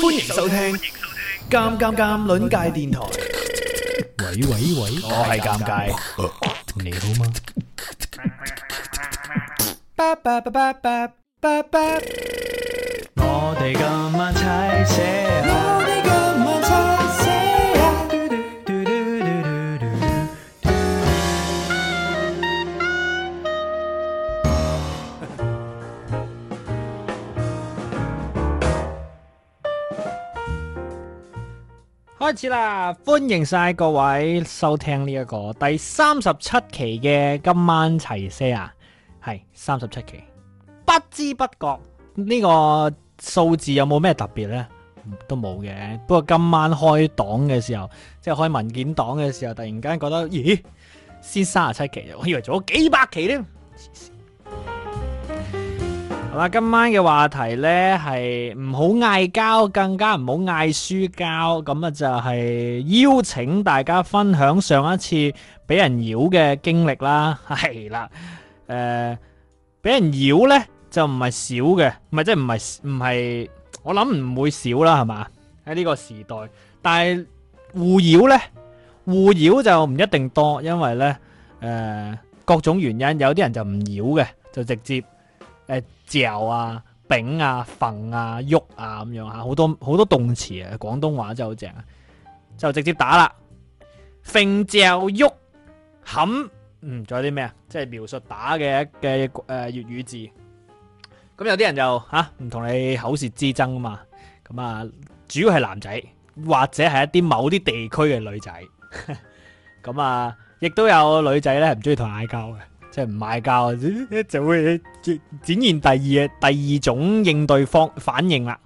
歡迎收聽《尷尷尷》鄰界電台。喂喂喂，我係尷尬，你好嗎？我哋今晚齊些牙。開始啦，歡迎晒各位收聽呢一個第三十七期嘅今晚齊些啊，係三十七期，不知不覺呢個數字有冇咩特別呢？都冇嘅。不過今晚開檔嘅時候，即係開文件檔嘅時候，突然間覺得咦，先三十七期，我以為做咗幾百期咧。嗱，今晚嘅話題呢，係唔好嗌交，更加唔好嗌輸交。咁啊就係邀請大家分享上一次俾人妖嘅經歷啦。係啦，誒、呃，俾人妖呢就唔係少嘅，唔係即係唔係唔係，我諗唔會少啦，係嘛？喺呢個時代，但係互擾呢，互擾就唔一定多，因為呢，誒、呃，各種原因，有啲人就唔妖嘅，就直接誒。呃嚼啊、丙啊、馴啊、喐啊咁樣吓，好多好多動詞啊！廣東話真係好正啊，就直接打啦，揈嚼喐冚，嗯，仲有啲咩啊？即係描述打嘅嘅、呃、粵語字。咁有啲人就吓，唔同你口舌之爭啊嘛。咁啊，主要係男仔，或者係一啲某啲地區嘅女仔。咁啊，亦都有女仔咧係唔中意同人嗌交嘅。即係唔嗌交，就會展現第二第二種應對方反應啦。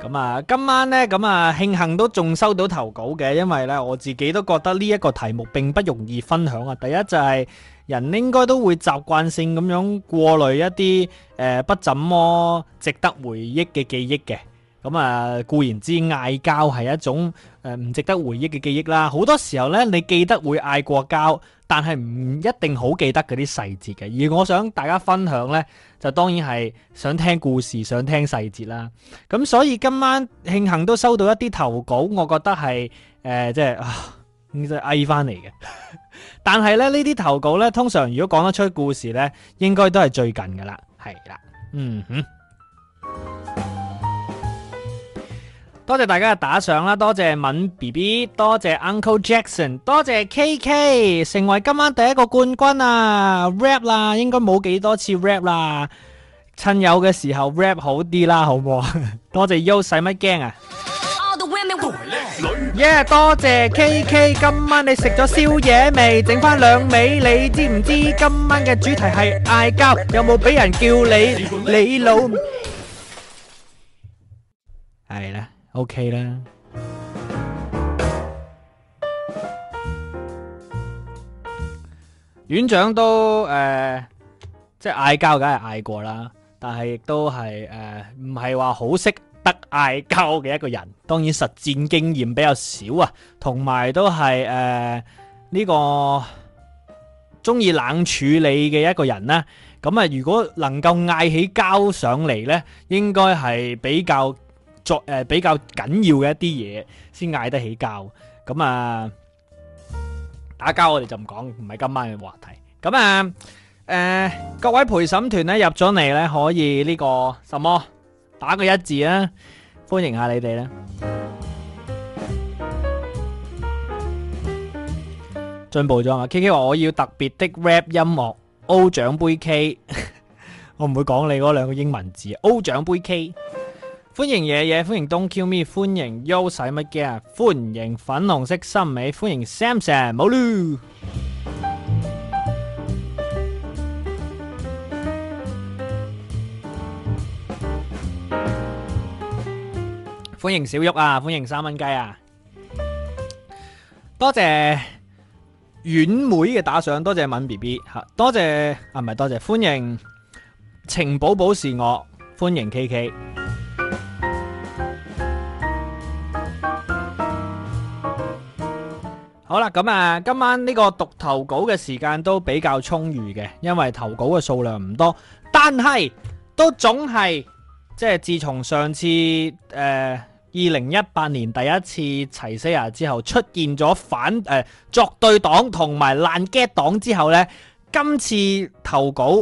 咁啊，今晚呢，咁啊，慶幸都仲收到投稿嘅，因為呢，我自己都覺得呢一個題目並不容易分享啊。第一就係人應該都會習慣性咁樣過濾一啲，誒不怎麼值得回憶嘅記憶嘅。咁啊，固然之嗌交係一種誒唔值得回憶嘅記憶啦。好多時候呢，你記得會嗌過交。但係唔一定好記得嗰啲細節嘅，而我想大家分享呢，就當然係想聽故事，想聽細節啦。咁所以今晚慶幸都收到一啲投稿，我覺得係誒、呃，即係啊，即係嗌翻嚟嘅。 但係咧，呢啲投稿呢，通常如果講得出故事呢，應該都係最近噶啦，係啦，嗯哼。多謝大家嘅打賞啦，多謝敏 B B，多謝 Uncle Jackson，多謝 K K，成為今晚第一個冠軍啊！rap 啦，應該冇幾多次 rap 啦，趁有嘅時候 rap 好啲啦，好唔好啊？多謝 U 使乜驚啊？Yeah，多謝 K K，今晚你食咗宵夜未？整翻兩味，你知唔知今晚嘅主題係嗌交？有冇俾人叫你你老？O K 啦，院長都誒、呃，即係嗌交，梗係嗌過啦。但係亦都係誒，唔係話好識得嗌交嘅一個人。當然實戰經驗比較少啊，同埋都係誒呢個中意冷處理嘅一個人啦。咁啊，如果能夠嗌起交上嚟呢，應該係比較。作誒比較緊要嘅一啲嘢先嗌得起交，咁啊打交我哋就唔講，唔係今晚嘅話題。咁啊誒各位陪審團咧入咗嚟咧，可以呢個什麼打個一字啊，歡迎下你哋咧。進步咗啊！KK 話我要特別的 rap 音樂 O 獎杯 K，我唔會講你嗰兩個英文字 O 獎杯 K。歡迎野野，歡迎東 Q 咪，歡迎優使乜雞啊！歡迎粉紅色心美，歡迎 Samsa 冇路，歡迎小郁啊！歡迎三蚊雞啊！多謝遠妹嘅打賞，多謝敏 B B 吓，多謝啊，唔係多謝，歡迎情寶寶是我，歡迎 K K。好啦，咁啊，今晚呢個讀投稿嘅時間都比較充裕嘅，因為投稿嘅數量唔多，但係都總係即係自從上次誒二零一八年第一次齊些牙之後，出現咗反誒、呃、作對黨同埋爛 gag 黨之後呢，今次投稿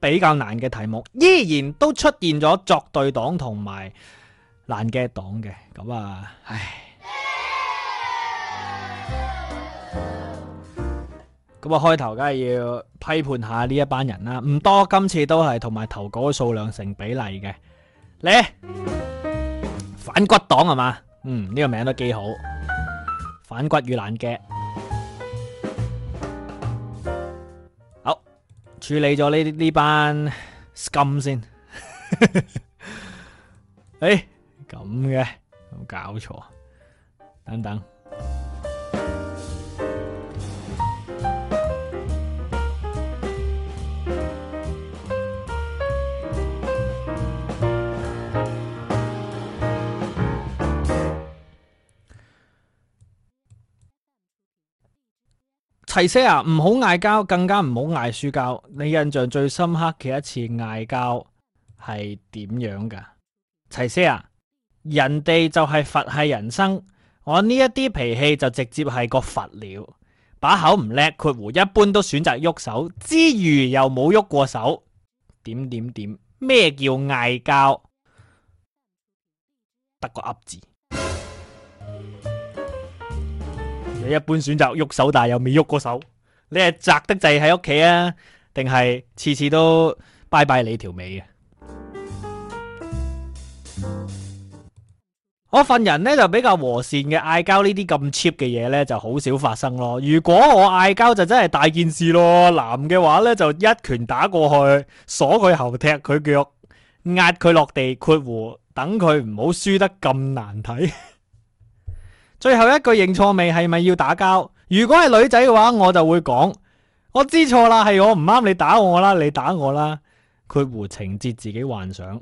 比較難嘅題目依然都出現咗作對黨同埋爛 gag 黨嘅，咁啊，唉。咁啊，開頭梗係要批判下呢一班人啦，唔多，今次都係同埋投稿數量成比例嘅。咧反骨黨係嘛？嗯，呢、呢個名都幾好，反骨與爛嘅。好，處理咗呢呢班 scum 先。誒、 哎，咁嘅，有冇搞錯？等等。齊些牙，唔好嗌交，更加唔好嗌輸交。你印象最深刻嘅一次嗌交係點樣噶？齊些牙，人哋就係佛系人生，我呢一啲脾氣就直接係個佛了。把口唔叻括弧，一般都選擇喐手，之餘又冇喐過手。點點點，咩叫嗌交？得個噏字。你一般選擇喐手大，但又未喐過手。你係宅得滯喺屋企啊，定係次次都拜拜你條尾啊？ 我份人呢就比較和善嘅，嗌交，呢啲咁 cheap 嘅嘢呢就好少發生咯。如果我嗌交就真係大件事咯，男嘅話呢，就一拳打過去，鎖佢喉、踢佢腳，壓佢落地括弧，等佢唔好輸得咁難睇。最後一句認錯未？係咪要打交？如果係女仔嘅話，我就會講，我知錯啦，係我唔啱，你打我啦，你打我啦。括弧：「情節自己幻想，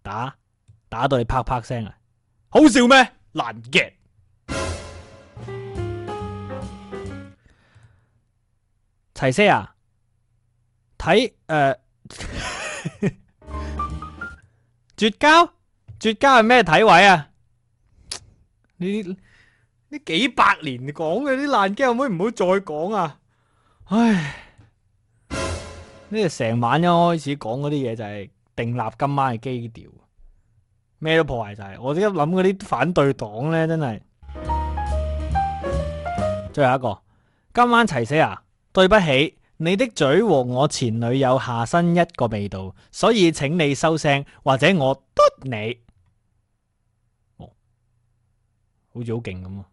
打打到你啪啪聲啊，好笑咩？難 get？齊聲啊，睇誒，呃、 絕交，絕交係咩體位啊？呢啲呢幾百年講嘅啲爛驚，可唔可以唔好再講啊？唉，呢成晚一開始講嗰啲嘢就係訂立今晚嘅基調，咩都破壞晒。我哋一諗嗰啲反對黨呢，真係最後一個，今晚齊死啊！對不起，你的嘴和我前女友下身一個味道，所以請你收聲，或者我嘟你。好似好勁咁啊！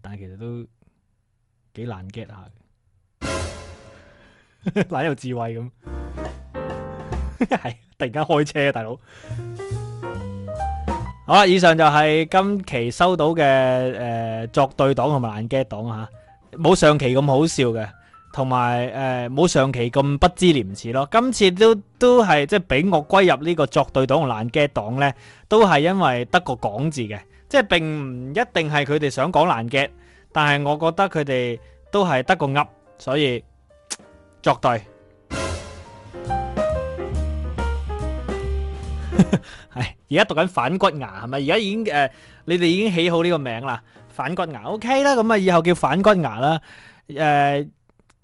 但係其實都幾難 get 下，懶 有智慧咁。係 突然間開車大佬，嗯！好啦，以上就係今期收到嘅，誒、呃、作對黨同埋難 get 黨吓，冇上期咁好笑嘅，同埋誒冇上期咁不知廉恥咯。今次都都係即係俾我歸入呢個作對黨同難 get 黨咧，都係因爲得個港字嘅。即係並唔一定係佢哋想講爛嘅，但係我覺得佢哋都係得個噏，所以作對。係而家讀緊反骨牙係咪？而家已經誒，你哋已經起好呢個名啦，反骨牙 OK 啦。咁啊，以後叫反骨牙啦。誒，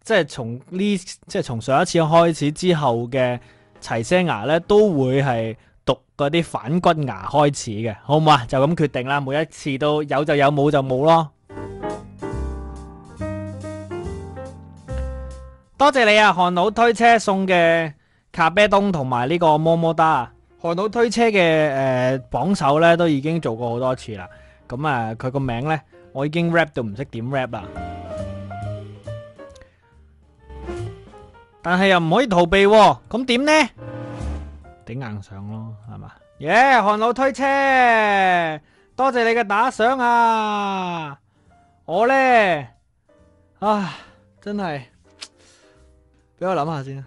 即係從呢，即係從上一次開始之後嘅齊些牙咧，都會係。讀嗰啲反骨牙開始嘅，好唔好啊？就咁決定啦，每一次都有就有冇就冇咯。多謝你啊，韓佬推車送嘅咖啡凍同埋呢個麼么噠啊！韓佬推車嘅誒榜首，呢都已經做過好多次啦，咁啊佢個名呢我已經 rap 到唔識點 rap 啦，但係又唔可以逃避，咁點呢？頂硬上咯，係嘛？耶，韓佬推車，多謝你嘅打賞啊！我咧，啊，真係俾我諗下先。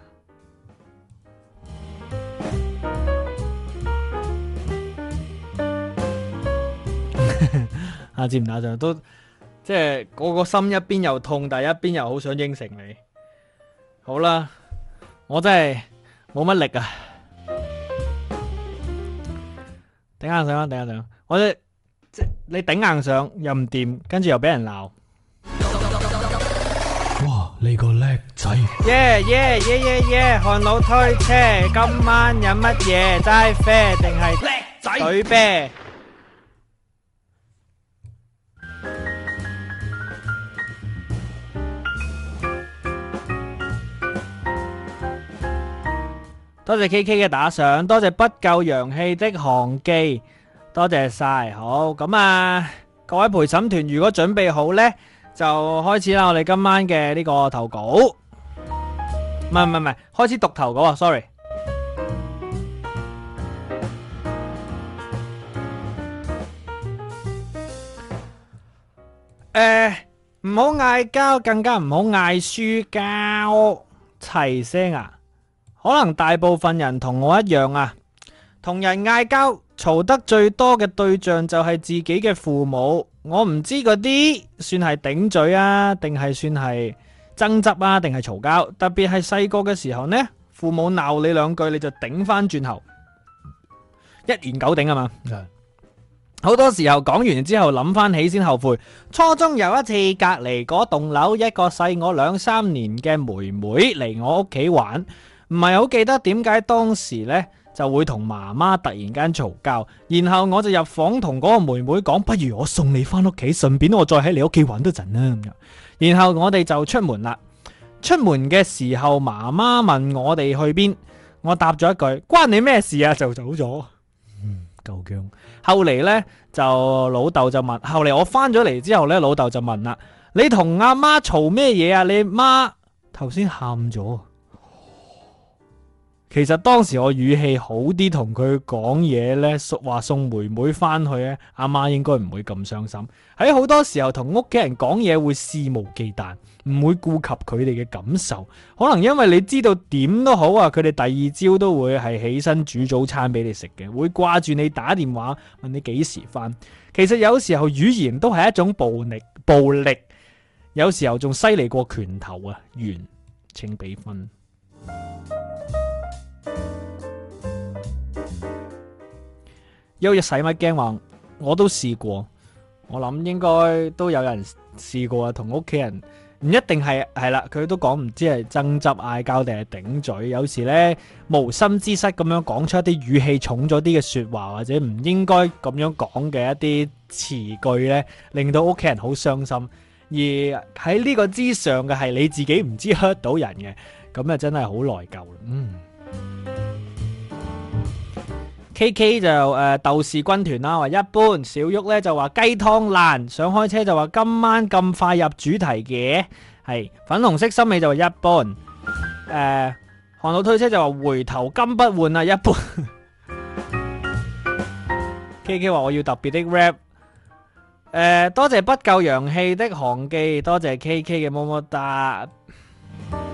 阿志唔打賞都，即係個個心一邊又痛，但一邊又好想應承你。好啦，我真係冇乜力啊！頂硬上啊！頂硬上！我哋即你頂硬上又唔掂，跟住又俾人鬧。哇！你個叻仔！耶耶耶耶耶！看老推車，今晚飲乜嘢？齋啡定係女啤？多謝 KK 嘅打賞，多謝不夠洋氣的航機，多謝晒。好咁啊，各位陪審團，如果準備好咧，就開始啦。我哋今晚嘅呢個投稿，唔係唔係唔係，開始讀投稿啊。Sorry。誒，唔好嗌交，更加唔好嗌輸交，齊聲啊！可能大部分人同我一樣啊，同人嗌交，嘈得最多嘅對象就係自己嘅父母。我唔知嗰啲算係頂嘴啊，定係算係爭執啊，定係嘈交。特別係細個嘅時候呢，父母鬧你兩句，你就頂翻轉頭，一言九鼎啊嘛。好多時候講完之後諗翻起先後悔。初中有一次，隔籬嗰棟樓一個細我兩三年嘅妹妹嚟我屋企玩。唔係好記得點解當時呢就會同媽媽突然間嘈交，然後我就入房同嗰個妹妹講，不如我送你翻屋企，順便我再喺你屋企玩多陣啦。然後我哋就出門啦。出門嘅時候，媽媽問我哋去邊，我答咗一句關你咩事啊，就走咗。嗯，夠薑。後嚟呢就老豆就問，後嚟我翻咗嚟之後呢，老豆就問啦：你同阿媽嘈咩嘢啊？你媽頭先喊咗。其實當時我語氣好啲同佢講嘢呢，話送妹妹翻去咧，阿媽應該唔會咁傷心。喺好多時候同屋企人講嘢會肆無忌憚，唔會顧及佢哋嘅感受。可能因為你知道點都好啊，佢哋第二朝都會係起身煮早餐俾你食嘅，會掛住你打電話問你幾時翻。其實有時候語言都係一種暴力，暴力有時候仲犀利過拳頭啊！完，請俾分。因為使乜驚話？我都試過，我諗應該都有人試過啊。同屋企人唔一定係，係啦，佢都講唔知係爭執嗌交定係頂嘴。有時咧無心之失咁樣講出一啲語氣重咗啲嘅說話，或者唔應該咁樣講嘅一啲詞句咧，令到屋企人好傷心。而喺呢個之上嘅係你自己唔知 hurt 到人嘅，咁啊真係好內疚。嗯。K K 就誒豆豉軍團啦，話一般；小旭咧就話雞湯爛，想開車就話今晚咁快入主題嘅係粉紅色心味就話一般，誒韓老推車就話回頭金不換啊，一般。 K K 話我要特別的 rap，呃，多謝不夠洋氣的韓記，多謝 K K 嘅麼麼噠。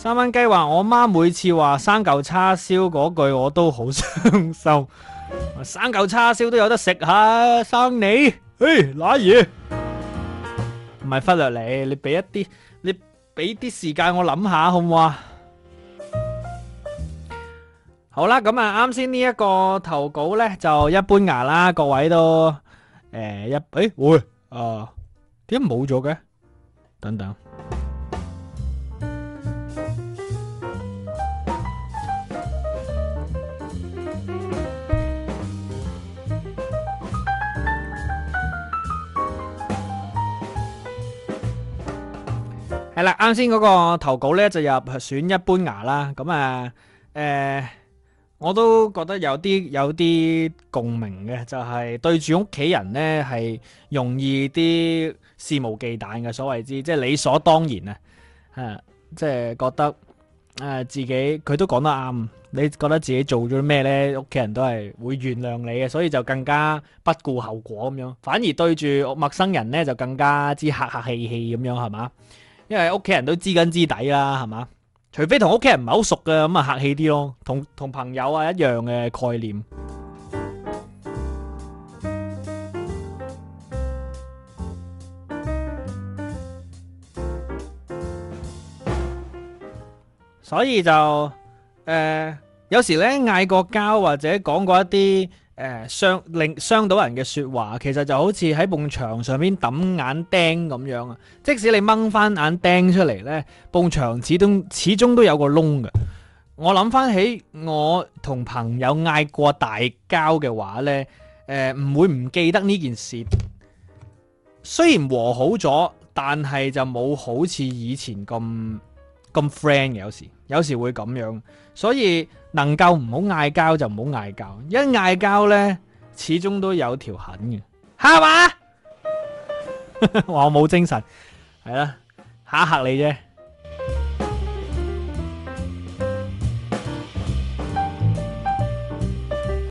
三蚊雞話：我媽每次話生嚿叉燒嗰句，我都好傷心。生嚿叉燒都有得食吓，生你。誒，哪爺，唔係忽略你，你俾一啲，你俾啲時間我諗下，好唔好啊？好啦，咁啊，啱先呢一個投稿咧就一般牙啦，各位都誒一誒會啊？點解冇咗嘅？等等。係啦，啱先嗰個投稿咧，就入選一般牙啦。咁啊，誒，我都覺得有啲有啲共鳴嘅，就係對住屋企人咧係容易啲肆無忌憚嘅，所謂之即係理所當然啊。誒，即係覺得誒自己佢都講得啱，你覺得自己做咗咩咧，屋企人都係會原諒你嘅，所以就更加不顧後果咁樣，反而對住陌生人咧就更加之客客氣氣咁樣，係嘛？因為屋企人都知根知底啦，係嘛？除非同屋企人唔係好熟嘅，咁啊，客氣啲咯。同同朋友啊一樣嘅概念。 所以就誒、呃，有時咧嗌過交或者講過一啲。誒、呃、傷令傷到人嘅説話，其實就好似喺埲牆上面揼眼釘咁樣啊！即使你掹翻眼釘出嚟呢，埲牆始終始終都有個窿嘅。我諗翻起我同朋友嗌過大交嘅話呢，誒、呃、唔會唔記得呢件事。雖然和好咗，但係就冇好似以前咁咁 friend 嘅有時。有時會咁樣，所以能夠唔好嗌交就唔好嗌交，一嗌交呢，始終都有條痕嘅，係嘛？話我冇精神，係啦，吓吓你啫。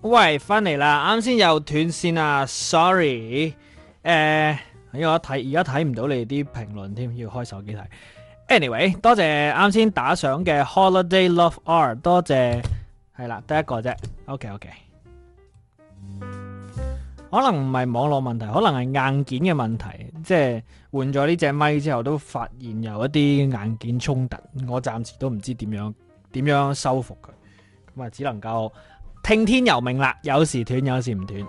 喂，翻嚟啦，啱先又斷線啊，sorry。誒，因為我睇而家睇唔到你啲評論添，要開手機睇。Anyway，多謝啱先打賞嘅 Holiday Love R，多謝係啦，得一個啫。OK，OK、okay, okay，可能唔係網絡問題，可能係硬件嘅問題。即係換咗呢隻咪之後，都發現有一啲硬件衝突。我暫時都唔知點樣點樣修復佢，咁啊，只能夠聽天由命啦。有時斷，有時唔斷，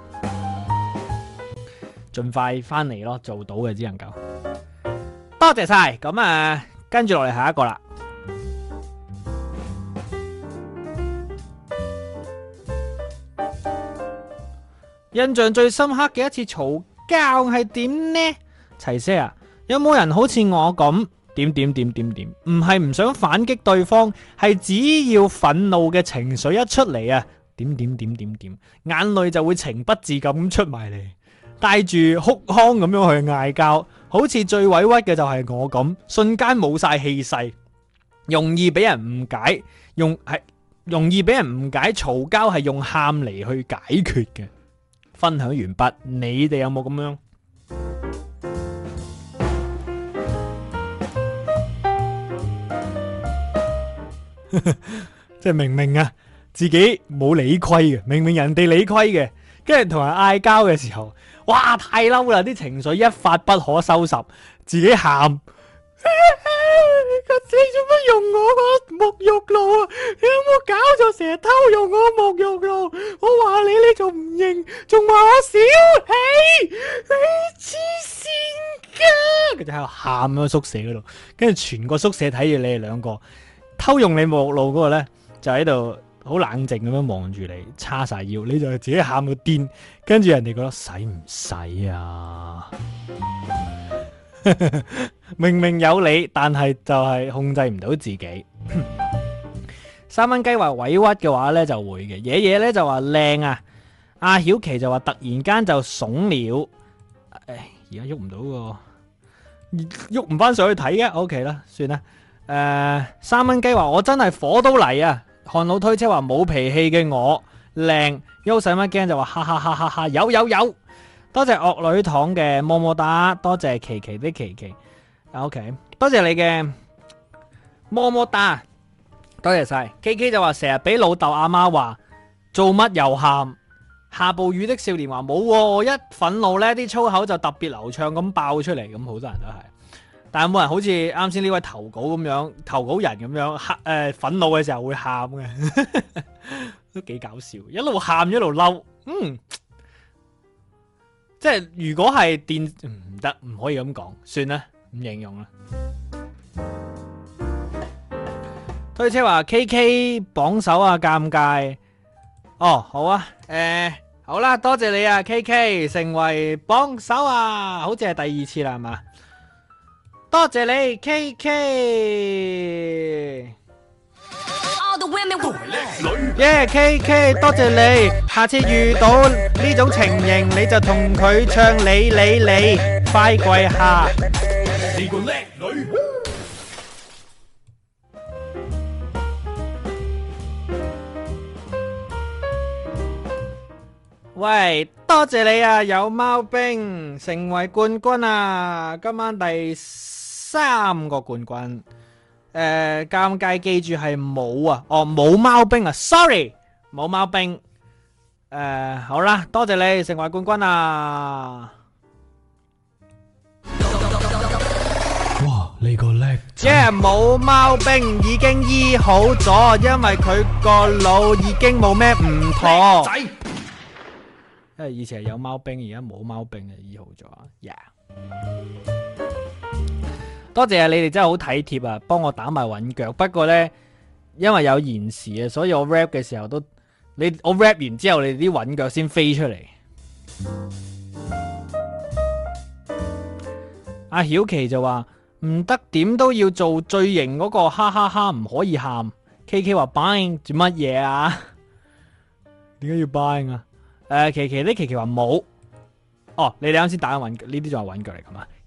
盡快翻嚟咯，做到嘅只能夠。多謝晒，咁啊。跟住落嚟下一個啦，印象最深刻嘅一次嘈交係點呢？齊 Sir 啊，有冇人好似我咁點點點點點？唔係唔想反擊對方，係只要憤怒嘅情緒一出嚟啊，點點點點點，眼淚就會情不自禁出埋嚟。帶住哭腔咁樣去嗌交，好似最委屈嘅就係我咁，瞬間冇晒氣勢，容易俾人誤解，用係容易俾人誤解，嘈交係用喊嚟去解決嘅。分享完畢，你哋有冇咁樣？ 即係明明啊，自己冇理虧嘅，明明人哋理虧嘅，跟住同人嗌交嘅時候。哇！太嬲啦，啲情緒一發不可收拾，自己喊，你做乜用我個沐浴露啊？你有冇搞錯？成日偷用我沐浴露，我話你你仲唔認，仲話我小氣，你黐線㗎！佢就喺度喊喺宿舍嗰度，跟住全個宿舍睇住你哋兩個偷用你沐浴露嗰個咧，就喺度。好冷靜咁樣望住你，叉晒腰，你就係自己喊個癲，跟住人哋覺得使唔使啊？ 明明有理，但係就係控制唔到自己。 三蚊雞話委屈嘅話呢就會嘅，嘢嘢呢就話靚啊。阿曉琪就話突然間就慫了，唉，而家喐唔到個，喐唔翻上去睇嘅。O K 啦，算啦。誒、呃，三蚊雞話我真係火都嚟啊！看老推車話冇脾氣嘅我靚，優細乜驚就話哈哈哈哈哈有有有。多謝惡女堂嘅麼麼噠，多謝琪琪的琪琪，OK，多謝你嘅麼麼噠，多謝晒，K K 就話成日俾老豆阿媽話做乜又喊，下暴雨的少年話冇、哦，我一憤怒呢啲粗口就特別流暢咁爆出嚟，咁好多人都係。但有冇人好似啱先呢位投稿咁樣，投稿人咁樣，吓誒，呃、憤怒嘅時候會喊嘅，都幾搞笑，一路喊一路嬲，嗯，即係如果係電唔得，唔可以咁講，算啦，唔形容啦。推車話 K K 榜首啊，尷尬。哦，好啊，誒、呃，好啦、啊，多謝你啊，K K 成為榜首啊，好似係第二次啦，係嘛？多謝你，KK。耶，KK，多謝你。下次遇到呢種情形，你就同佢唱，你你你，快跪下。喂，多謝你啊！有貓兵成為冠軍啊！今晚第三個冠軍，誒，尷尬，記住係冇啊，哦，冇貓兵啊，sorry，冇貓兵，誒，好啦，多謝你成為冠軍啊，哇，你個叻，即係冇貓兵已經醫好咗，因為佢個腦已經冇咩唔妥，因為以前係有貓兵，而家冇貓兵啊，醫好咗，yeah。多謝啊！你哋真係好體貼啊，幫我打埋韻腳。不過呢，因為有延時啊，所以我 rap 嘅時候都你我 rap 完之後，你啲韻腳先飛出嚟。阿曉琪就話唔得，點都要做最型嗰、那個哈哈哈，唔可以喊。K K 話 buy 做乜嘢啊？點 解要 buy 啊、呃？誒，琪琪呢？琪琪話冇。哦，你哋啱先打緊韻，呢啲就係韻腳嚟噶嘛？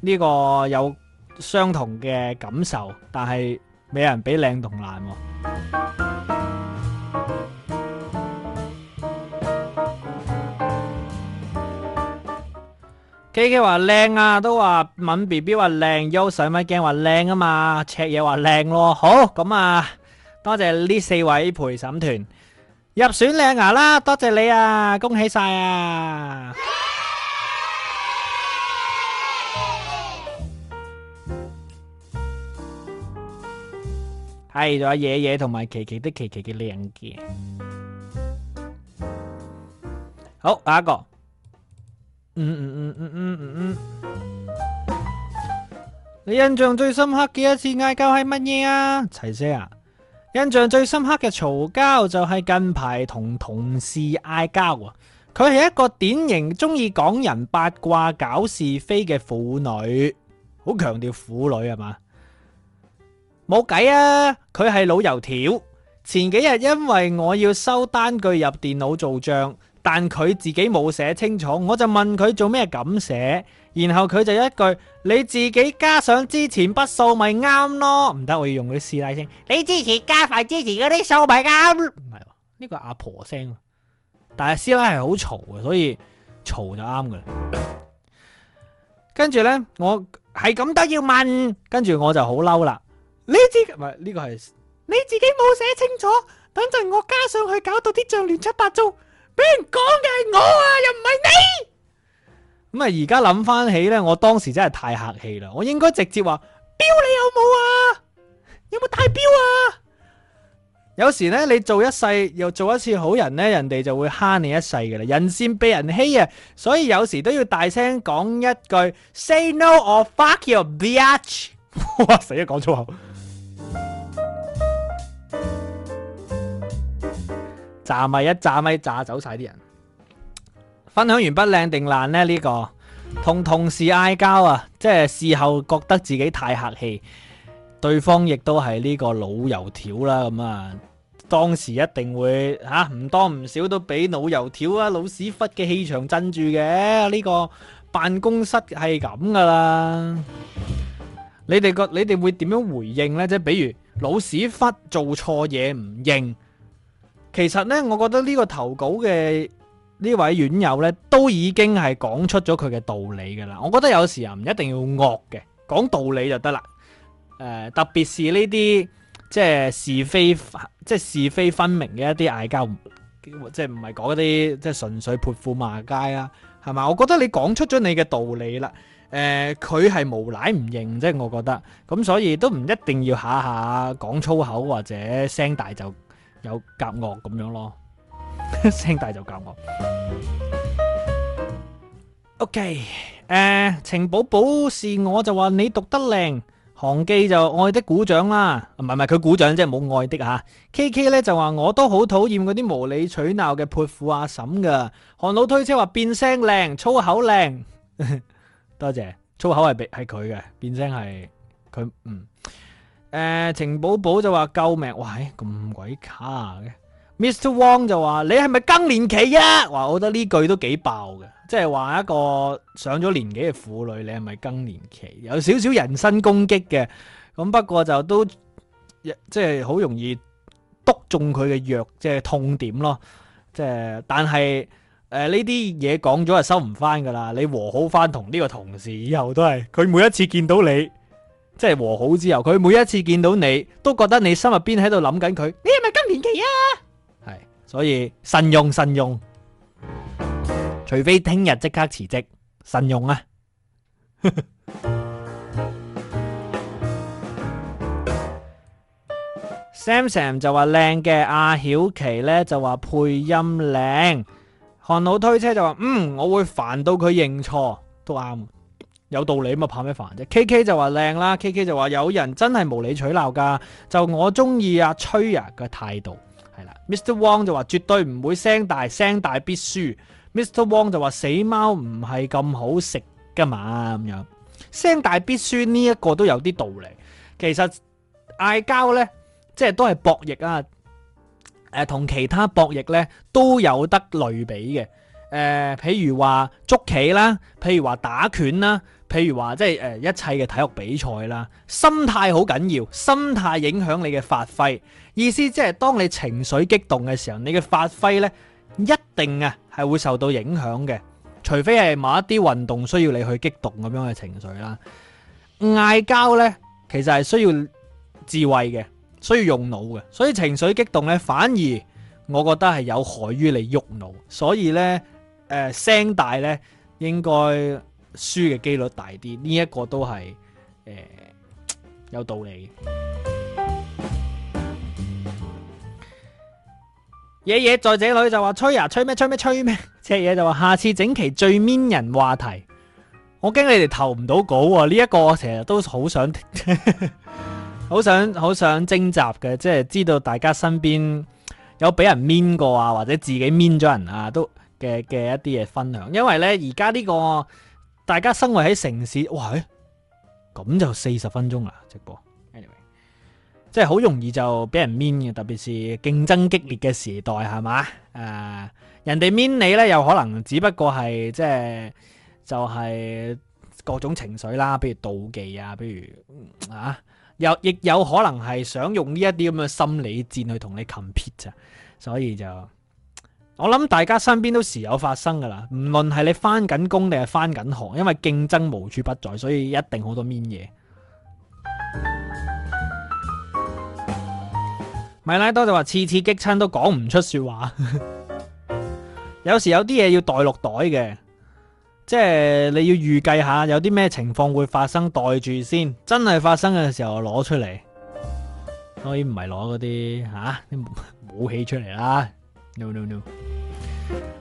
呢個有相同嘅感受，但係冇人比靚同爛喎。K K 話靚啊，都話敏 B B 話靚，U 上乜鏡話靚啊嘛，赤嘢話靚咯。好咁啊，多謝呢四位陪審團入選靚牙啦，多謝你啊，恭喜曬啊！係，仲有爺爺同埋琪琪的琪琪嘅靚嘅。好，下一個嗯。嗯嗯嗯嗯嗯嗯。嗯嗯嗯嗯，你印象最深刻嘅一次嗌交係乜嘢啊？齊姐啊，印象最深刻嘅嘈交就係近排同同事嗌交啊。佢係一個典型中意講人八卦、搞是非嘅婦女，女，好強調婦女係嘛。冇計啊！佢係老油條。前幾日因為我要收單據入電腦做賬，但佢自己冇寫清楚，我就問佢做咩咁寫，然後佢就一句：你自己加上之前筆數咪啱咯。唔得，我要用嗰啲師奶聲，你之前加埋之前嗰啲數咪啱。唔係，呢個阿婆聲，但係師奶係好嘈嘅，所以嘈就啱噶啦。跟住呢，我係咁都要問，跟住我就好嬲啦。你自己唔係呢個係你自己冇寫清楚，等陣我加上去，搞到啲賬亂七八糟，俾人講嘅係我啊，又唔係你咁啊！而家諗翻起咧，我當時真係太客氣啦，我應該直接話標你有冇啊？有冇大標啊？有時咧，你做一世又做一次好人咧，人哋就會蝦你一世噶啦，人善被人欺啊！所以有時都要大聲講一句，Say no or fuck your bitch！ 哇死啊，講粗口！炸咪一炸咪，炸走晒啲人。分享完不靚定爛呢？呢、呢個同同事嗌交啊，即係事後覺得自己太客氣，對方亦都係呢個老油條啦。咁啊，當時一定會吓唔、啊、多唔少都俾老油條啊老屎忽嘅氣場鎮住嘅，呢個辦公室係咁噶啦。你哋覺你哋會點樣回應呢？即係比如老屎忽做錯嘢唔認。其實呢，我覺得呢個投稿嘅呢位院友呢，都已經係講出咗佢嘅道理噶啦。我覺得有時候唔一定要惡嘅，講道理就得啦。誒、呃，特別是呢啲即係是,是非即係是,是非分明嘅一啲嗌交，即係唔係講一啲即係純粹潑婦罵街啊，係嘛？我覺得你講出咗你嘅道理啦，誒、呃，佢係無賴唔認，即係我覺得咁，所以都唔一定要下下講粗口或者聲大就。有夾惡咁樣咯，聲大就夾惡。OK，誒，程寶寶是我就話你讀得靚，韓記就愛的鼓掌啦，唔係唔係佢鼓掌即係冇愛的吓。K K 咧，就話我都好討厭嗰啲無理取鬧嘅潑婦阿嬸噶，韓老推車話變聲靚，粗口靚，多謝粗口係俾係佢嘅，變聲係佢嗯。誒、呃，程寶寶就話救命，哇，咁鬼卡嘅。Mr. Wong 就話你係咪更年期啊？哇，我覺得呢句都幾爆嘅，即係話一個上咗年紀嘅婦女，你係咪更年期？有少少人身攻擊嘅，咁不過就都即係好容易督中佢嘅弱，即係痛點咯。即係，但係誒呢啲嘢講咗係收唔翻噶啦，你和好翻同呢個同事以後都係，佢每一次見到你。即係和好之後，佢每一次見到你，都覺得你心入邊喺度諗緊佢。你係咪更年期啊？係，所以慎用慎用，除非聽日即刻辭職，慎用啊 ！Samson Sam 就話靚嘅，阿曉琪呢，就話配音靚，韓老推車就話嗯，我會煩到佢認錯都啱。有道理嘛？怕咩煩啫？K K 就話靚啦，K K 就話有人真係無理取鬧噶，就我中意阿崔啊嘅態度係啦。Mr. Wong 就話絕對唔會聲大，聲大必輸。Mr. Wong 就話死貓唔係咁好食噶嘛咁樣，聲大必輸呢一個都有啲道理。其實嗌交呢，即係都係博弈啊，誒、呃，同其他博弈呢，都有得類比嘅。誒、呃，譬如話捉棋啦，譬如話打拳啦。譬如話即係誒一切嘅體育比賽啦，心態好緊要，心態影響你嘅發揮。意思即係當你情緒激動嘅時候，你嘅發揮呢一定啊係會受到影響嘅，除非係某一啲運動需要你去激動咁樣嘅情緒啦。嗌交呢，其實係需要智慧嘅，需要用腦嘅，所以情緒激動呢，反而我覺得係有害於你喐腦。所以呢，誒、呃、聲大呢應該。輸嘅幾率大啲，呢、這、一個都係誒、呃、有道理嘅。爺爺在這裏就話吹啊吹咩吹咩吹咩，赤嘢、啊啊啊啊、 就話下次整期最 mean 人話題，我驚你哋投唔到稿呢、啊、一、這個我都好想，成日都好想好想好想徵集嘅，即係知道大家身邊有俾人 mean 過啊，或者自己 mean 咗人啊，都嘅嘅一啲嘢分享，因為呢，而家呢個。大家生活喺城市，哇！咁就四十分鐘啦，直播。Anyway，即係好容易就俾人 mean 嘅，特別是競爭激烈嘅時代，係嘛？誒、呃，人哋 mean 你呢，又可能只不過係即係就係、是、各種情緒啦，比如妒忌啊，比如啊，又亦有可能係想用呢一啲咁嘅心理戰去同你 compete 啊，所以就。我諗大家身邊都時有發生噶啦，唔論係你翻緊工定係翻緊行，因為競爭無處不在，所以一定好多 mean 嘢。米拉多就話次次激親都講唔出說話， 有時有啲嘢要袋落袋嘅，即係你要預計下有啲咩情況會發生，袋住先，真係發生嘅時候攞出嚟。當然唔係攞嗰啲吓啲武器出嚟啦。no no no，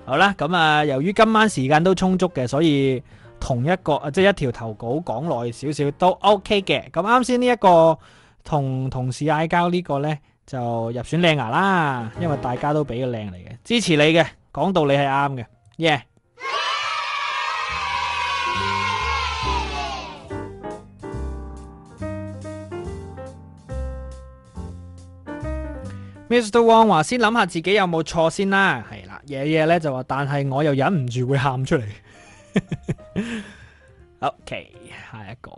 好啦，咁啊，由於今晚時間都充足嘅，所以同一個即係一條投稿講耐少少都 OK 嘅。咁啱先呢一個同同事嗌交呢個呢，就入選靚牙啦，因為大家都俾個靚嚟嘅，支持你嘅，講道理係啱嘅，耶、yeah。Mr. Wang 話：先諗下自己有冇錯先啦。係啦，爺爺咧就話：但係我又忍唔住會喊出嚟。 OK，下一個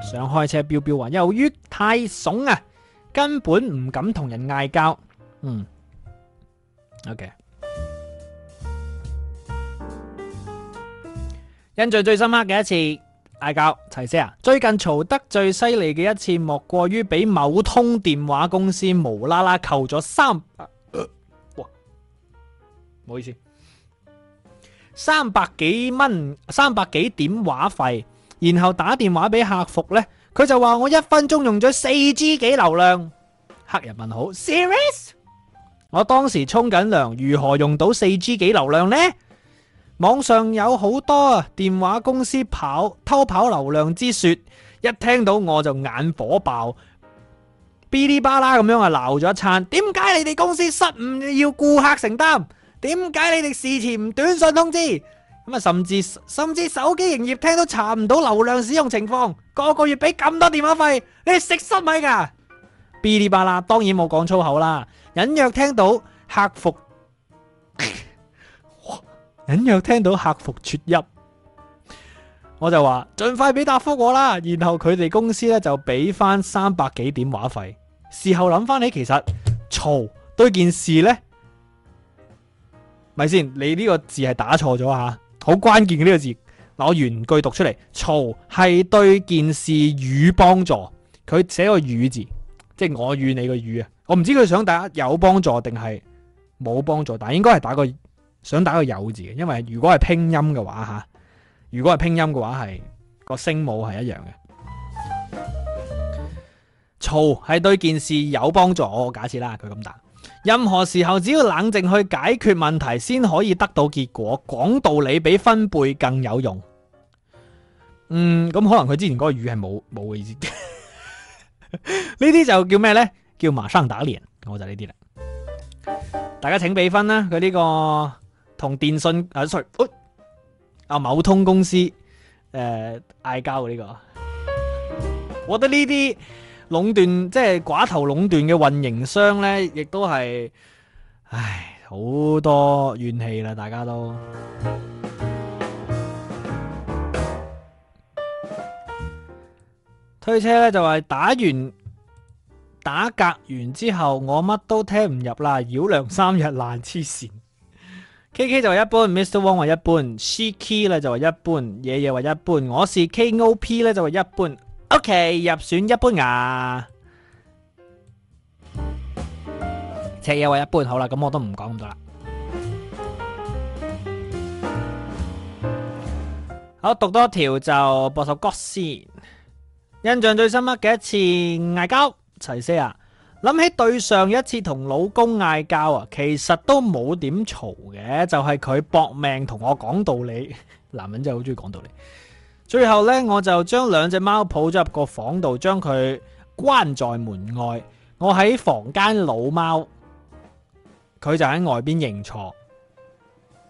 想、嗯、開車飆飆雲，由於太慫啊，根本唔敢同人嗌交。嗯，OK。印象最深刻嘅一次。嗌交齊先啊！最近嘈得最犀利嘅一次，莫過於俾某通電話公司無啦啦扣咗三百，唔 好意思，三百幾蚊，三百幾點話費，然後打電話俾客服呢，佢就話我一分鐘用咗四 G 幾流量。黑人問號，serious，我當時沖緊涼，如何用到四 G 幾流量呢？網上有好多啊，電話公司跑偷跑流量之說，一聽到我就眼火爆，嗶哩吧啦咁樣啊鬧咗一餐。點解你哋公司失誤要顧客承擔？點解你哋事前唔短信通知？咁啊，甚至甚至手機營業廳都查唔到流量使用情況，個個月俾咁多電話費，你食新米噶？嗶哩吧啦，當然冇講粗口啦，隱約聽到客服。隱約聽到客服切入，我就話盡快俾答覆我啦。然後佢哋公司咧，就俾翻三百幾點話費。事後諗翻起，其實嘈對件事呢，咪先？你呢個字係打錯咗吓，好關鍵嘅呢個字。攞我原句讀出嚟，嘈係對件事予幫助。佢寫個予字，即係我予你個予啊。我唔知佢想大家有幫助定係冇幫助，但係應該係打個。想打個有字嘅，因為如果係拼音嘅話吓，如果係拼音嘅話係個聲母係一樣嘅。嘈係對件事有幫助，我假設啦佢咁答。任何時候只要冷靜去解決問題，先可以得到結果。講道理比分貝更有用。嗯，咁可能佢之前嗰個語係冇冇意思呢啲 就叫咩呢？叫麻生打連，我就呢啲啦。大家請畀分啦，佢呢個。同電信啊，sorry，阿某通公司誒嗌交嘅呢個，我覺得呢啲壟斷即係寡頭壟斷嘅運營商咧，亦都係唉好多怨氣啦，大家都推車咧，就係打完打隔完之後，我乜都聽唔入啦，繞梁三日爛黐線。K K 就係一般，Mr. Wong 話一般，C K 咧就係一般，嘢嘢話一般，我是 K O P 咧就係一般，OK 入選一般啊，赤嘢話一般，好啦，咁我都唔講咁多啦，好讀多條就播首歌先，印象最深刻嘅一次嗌交，齊些牙！諗起對上一次同老公嗌交啊，其實都冇點嘈嘅，就係佢搏命同我講道理。男人真係好中意講道理。最後呢，我就將兩隻貓抱咗入個房度，將佢關在門外。我喺房間老貓，佢就喺外邊認錯。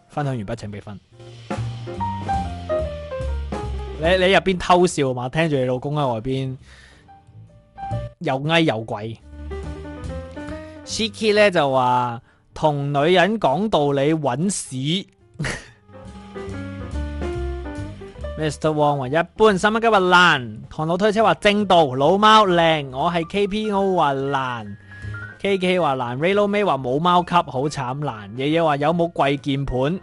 分享完畢，請俾分。你你入邊偷笑嘛？聽住你老公喺外邊又矮又鬼。C K 咧就話同女人講道理揾屎 ，Mr Wong 話 一般，三蚊雞話爛，唐老推車話正道，老貓靚，我係 K P O 話爛，K K 話爛，Raylow 妹話冇貓級好慘爛，爺爺話有冇貴鍵盤，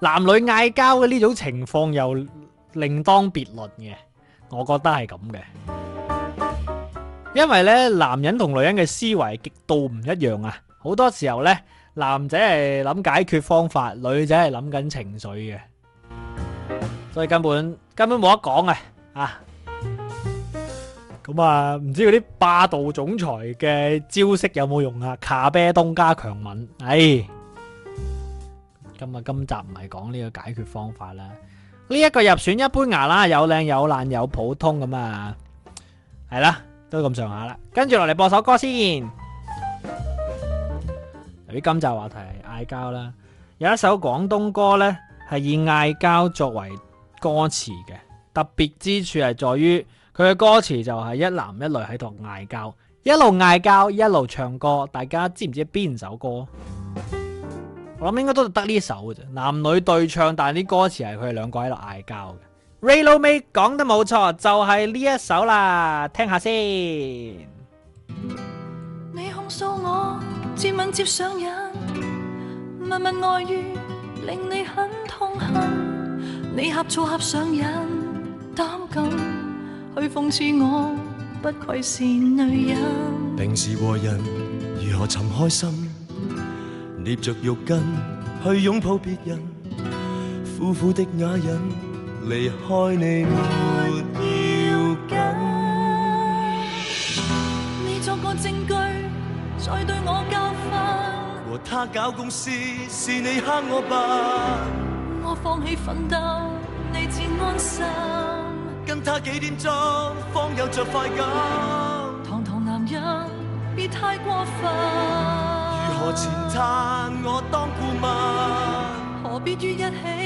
男女嗌交嘅呢種情況又另當別論嘅，我覺得係咁嘅。因為咧，男人同女人嘅思維極度唔一樣啊！好多時候咧，男仔係諗解決方法，女仔係諗緊情緒嘅，所以根本根本冇得講啊！啊，咁啊，唔知嗰啲霸道總裁嘅招式有冇用啊？卡啤東加強吻，唉、哎，今日今集唔係講呢個解決方法啦，呢、這、一個入選一般牙啦，有靚有爛有普通咁啊，係啦。都咁上下啦，跟住落嚟播首歌先。由於今集話題係嗌交啦，有一首廣東歌呢係以嗌交作為歌詞嘅。特別之處係在於佢嘅歌詞就係一男一女喺度嗌交，一路嗌交一路唱歌。大家知唔知邊首歌？我諗應該都得呢首嘅啫，男女對唱，但係啲歌詞係佢哋兩個喺度嗌交嘅。Ray 老妹講得冇錯，就係呢一首啦，聽下先。你控訴我接吻接上癮，密密愛語令你很痛恨，你呷醋呷上癮，膽敢去諷刺我不愧是女人。平時和人如何尋開心，捏着浴巾去擁抱別人，苦苦的啞忍。離開你沒要緊，你作個證據，再對我教訓。和他搞公司是你蝦我吧？我放棄奮鬥，你漸安心。跟他幾點鐘方有着快感？堂堂男人別太過分。如何前餐我當顧問？何必於一起？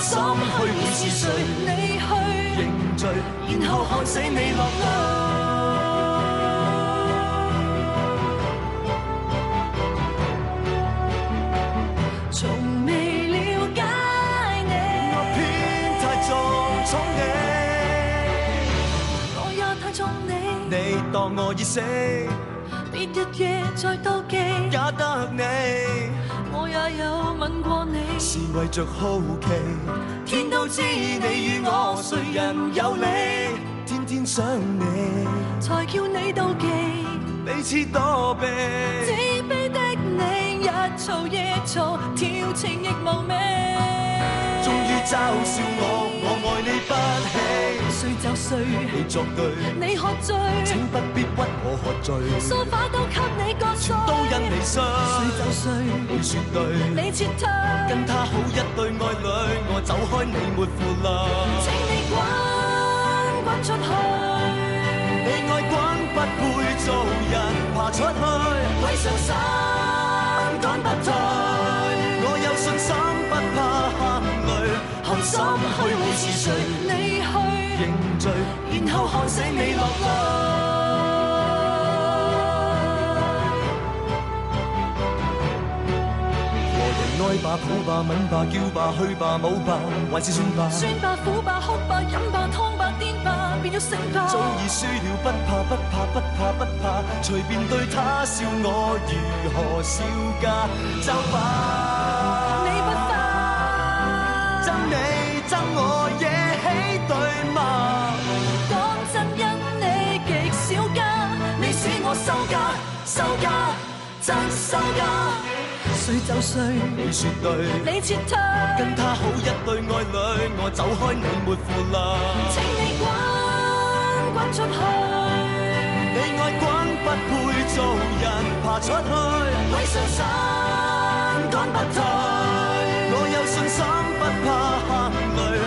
心去換是誰？你去認罪，然後看死你落淚。從未了，了解你，我偏太縱寵你，我也太縱你。你當我已死，別日夜在妒忌，也得你。我也有吻過你，是為着好奇。天都知你與我誰人有理，天天想你，才叫你妒忌，彼此躲避。自卑的你，日嘈夜嘈，調情亦無味。終於嘲笑我，我愛你不起。你作對，你喝醉，請不必屈我喝醉。梳化都給你割碎，都因你傷。你就誰會說對，你撤退，跟他好一對愛侶，我走開你沒負累。請你滾滾出去，你愛滾不配做人，爬出去。我有信心，趕不退，我有信心，不怕喊淚，含心去會是誰？你去。然後看死你落淚。我人愛吧，苦吧，吻吧，叫吧，去吧，舞吧，還是算吧。算吧，苦吧，哭吧，飲吧，湯吧，癲吧，便要勝吧。早已輸了不，不怕，不怕，不怕，不怕，隨便對他笑，我如何笑假？走吧。收假，收假，真收假。誰走誰，你說對，你撤退，跟他好一對愛侶，我走開你沒負累。請你滾，滾出去，你愛滾不配做人，爬出去。鬼上身趕不退，我有信心不怕黑。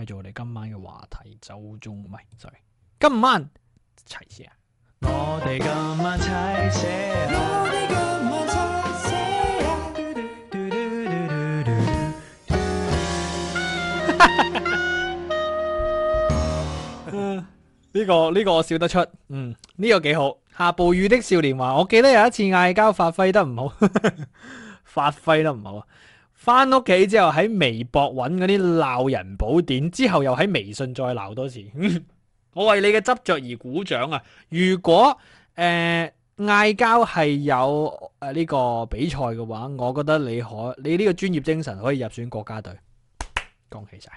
繼續我哋今晚嘅話題，周中唔係今晚齊些牙啊！我哋今晚齊些牙，啊，我哋今晚齊些牙呢個呢、這個我笑得出，嗯，呢、這個幾好。下暴雨的少年話，我記得有一次嗌交，發揮得唔好， 發揮得唔好啊！翻屋企之後喺微博揾嗰啲鬧人寶典，之後又喺微信再鬧多次。 我為你嘅執着而鼓掌啊！如果誒嗌交係有誒呢個比賽嘅話，我覺得你可你呢個專業精神可以入選國家隊。恭喜晒！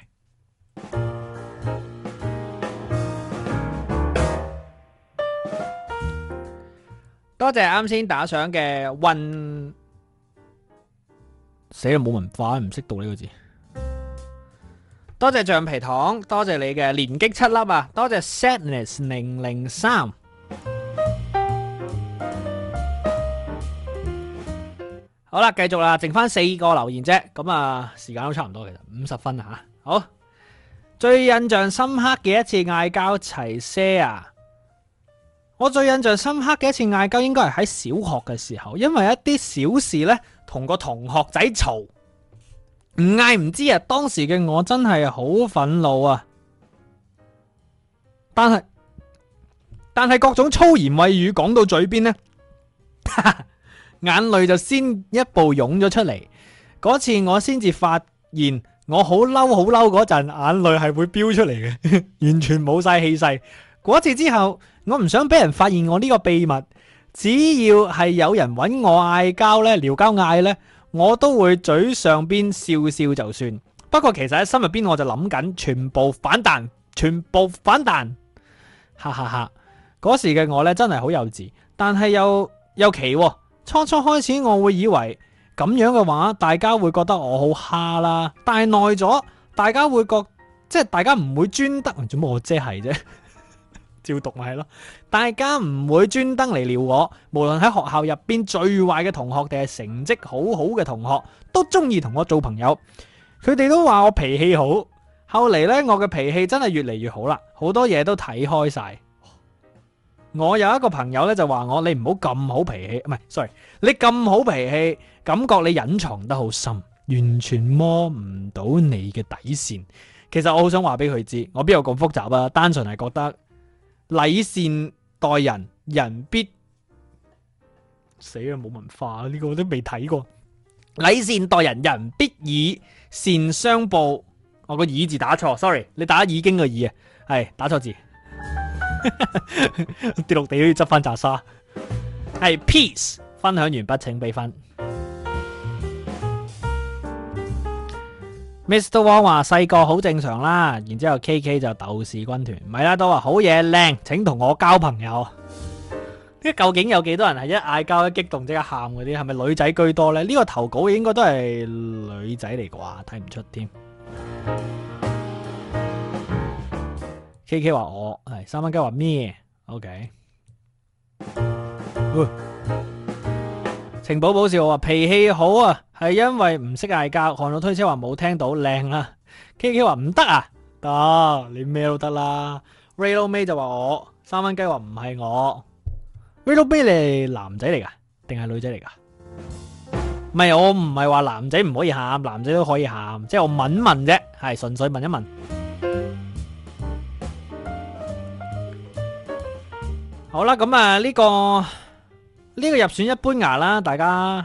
多謝啱先打賞嘅運。死啦，冇文化，唔識讀呢個字。多謝橡皮糖，多謝你嘅連擊七粒啊！多謝 sadness 零零三。好啦，繼續啦，剩翻四個留言啫。咁啊，時間都差唔多，其實五十分吓。好，最印象深刻嘅一次嗌交齊些牙。我最印象深刻嘅一次嗌交，應該係喺小學嘅時候，因為一啲小事呢。同個同學仔嘈，唔嗌唔知啊！當時嘅我真係好憤怒啊！但係但係各種粗言穢語講到嘴邊呢， 眼淚就先一步湧咗出嚟。嗰次我先至發現，我好嬲好嬲嗰陣，眼淚係會飆出嚟嘅， 完全冇晒氣勢。嗰次之後，我唔想俾人發現我呢個秘密。只要係有人搵我嗌交呢，撩交嗌呢，我都會嘴上邊笑笑就算。不過其實喺心入邊我就諗緊，全部反彈，全部反彈，哈哈哈！嗰時嘅我呢真係好幼稚，但係又有奇、哦。初初開始我會以為咁樣嘅話，大家會覺得我好蝦啦。但係耐咗，大家會覺即係大家唔會專得，做乜我即係啫？照讀咪係咯，大家唔會專登嚟撩我。無論喺學校入邊最壞嘅同學，定係成績好好嘅同學，都中意同我做朋友。佢哋都話我脾氣好。後嚟呢，我嘅脾氣真係越嚟越好啦，好多嘢都睇開晒。我有一個朋友呢，就話我：你唔好咁好脾氣，唔係，sorry，你咁好脾氣，感覺你隱藏得好深，完全摸唔到你嘅底線。其實我好想話俾佢知，我邊有咁複雜啊？單純係覺得。禮善待人，人必死啊！冇文化啊！呢個我都未睇過。禮善待人，人必以善相報。我個以字打錯，sorry，你打《已經》嘅以啊，係打錯字，跌 落地都要執翻扎沙。係 peace，分享完畢，請俾分。Mr. Wong 話細個好正常啦，然之後 K K 就鬥士軍團。咪啦都話好嘢靚，請同我交朋友。呢究竟有幾多人係一嗌交一激動即刻喊嗰啲係咪女仔居多呢？呢、呢個投稿應該都係女仔嚟啩，睇唔出添。K K 話我係三蚊雞話咩？OK，、呃、情寶寶笑我話脾氣好啊。係因為唔識嗌交，看到推車話冇聽到靚啦，K K 話唔得啊，得你咩都得啦。Raylow 妹就話我三蚊雞話唔係我，Raylow 妹你男仔嚟噶定係女仔嚟噶？唔係我唔係話男仔唔可以喊，男仔都可以喊，即係我問問啫，係純粹問一問。嗯、好啦，咁啊呢個呢個入選一般牙啦，大家。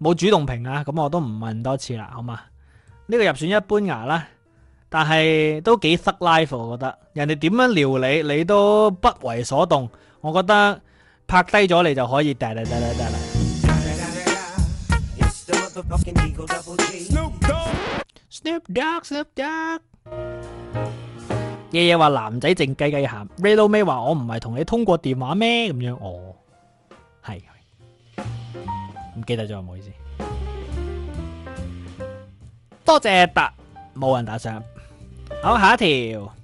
冇主動評啊，咁我都唔問多次啦，好嘛？呢個入選一般牙啦，但係都幾 thug life，我覺得。人哋點樣撩你，你都不為所動，我覺得拍低咗你就可以得啦得啦得啦。夜夜話男仔靜雞雞喊，咩都咩話，我唔係同你通過電話咩咁樣哦。記得咗，唔好意思。多謝打，冇人打賞。好，下一條。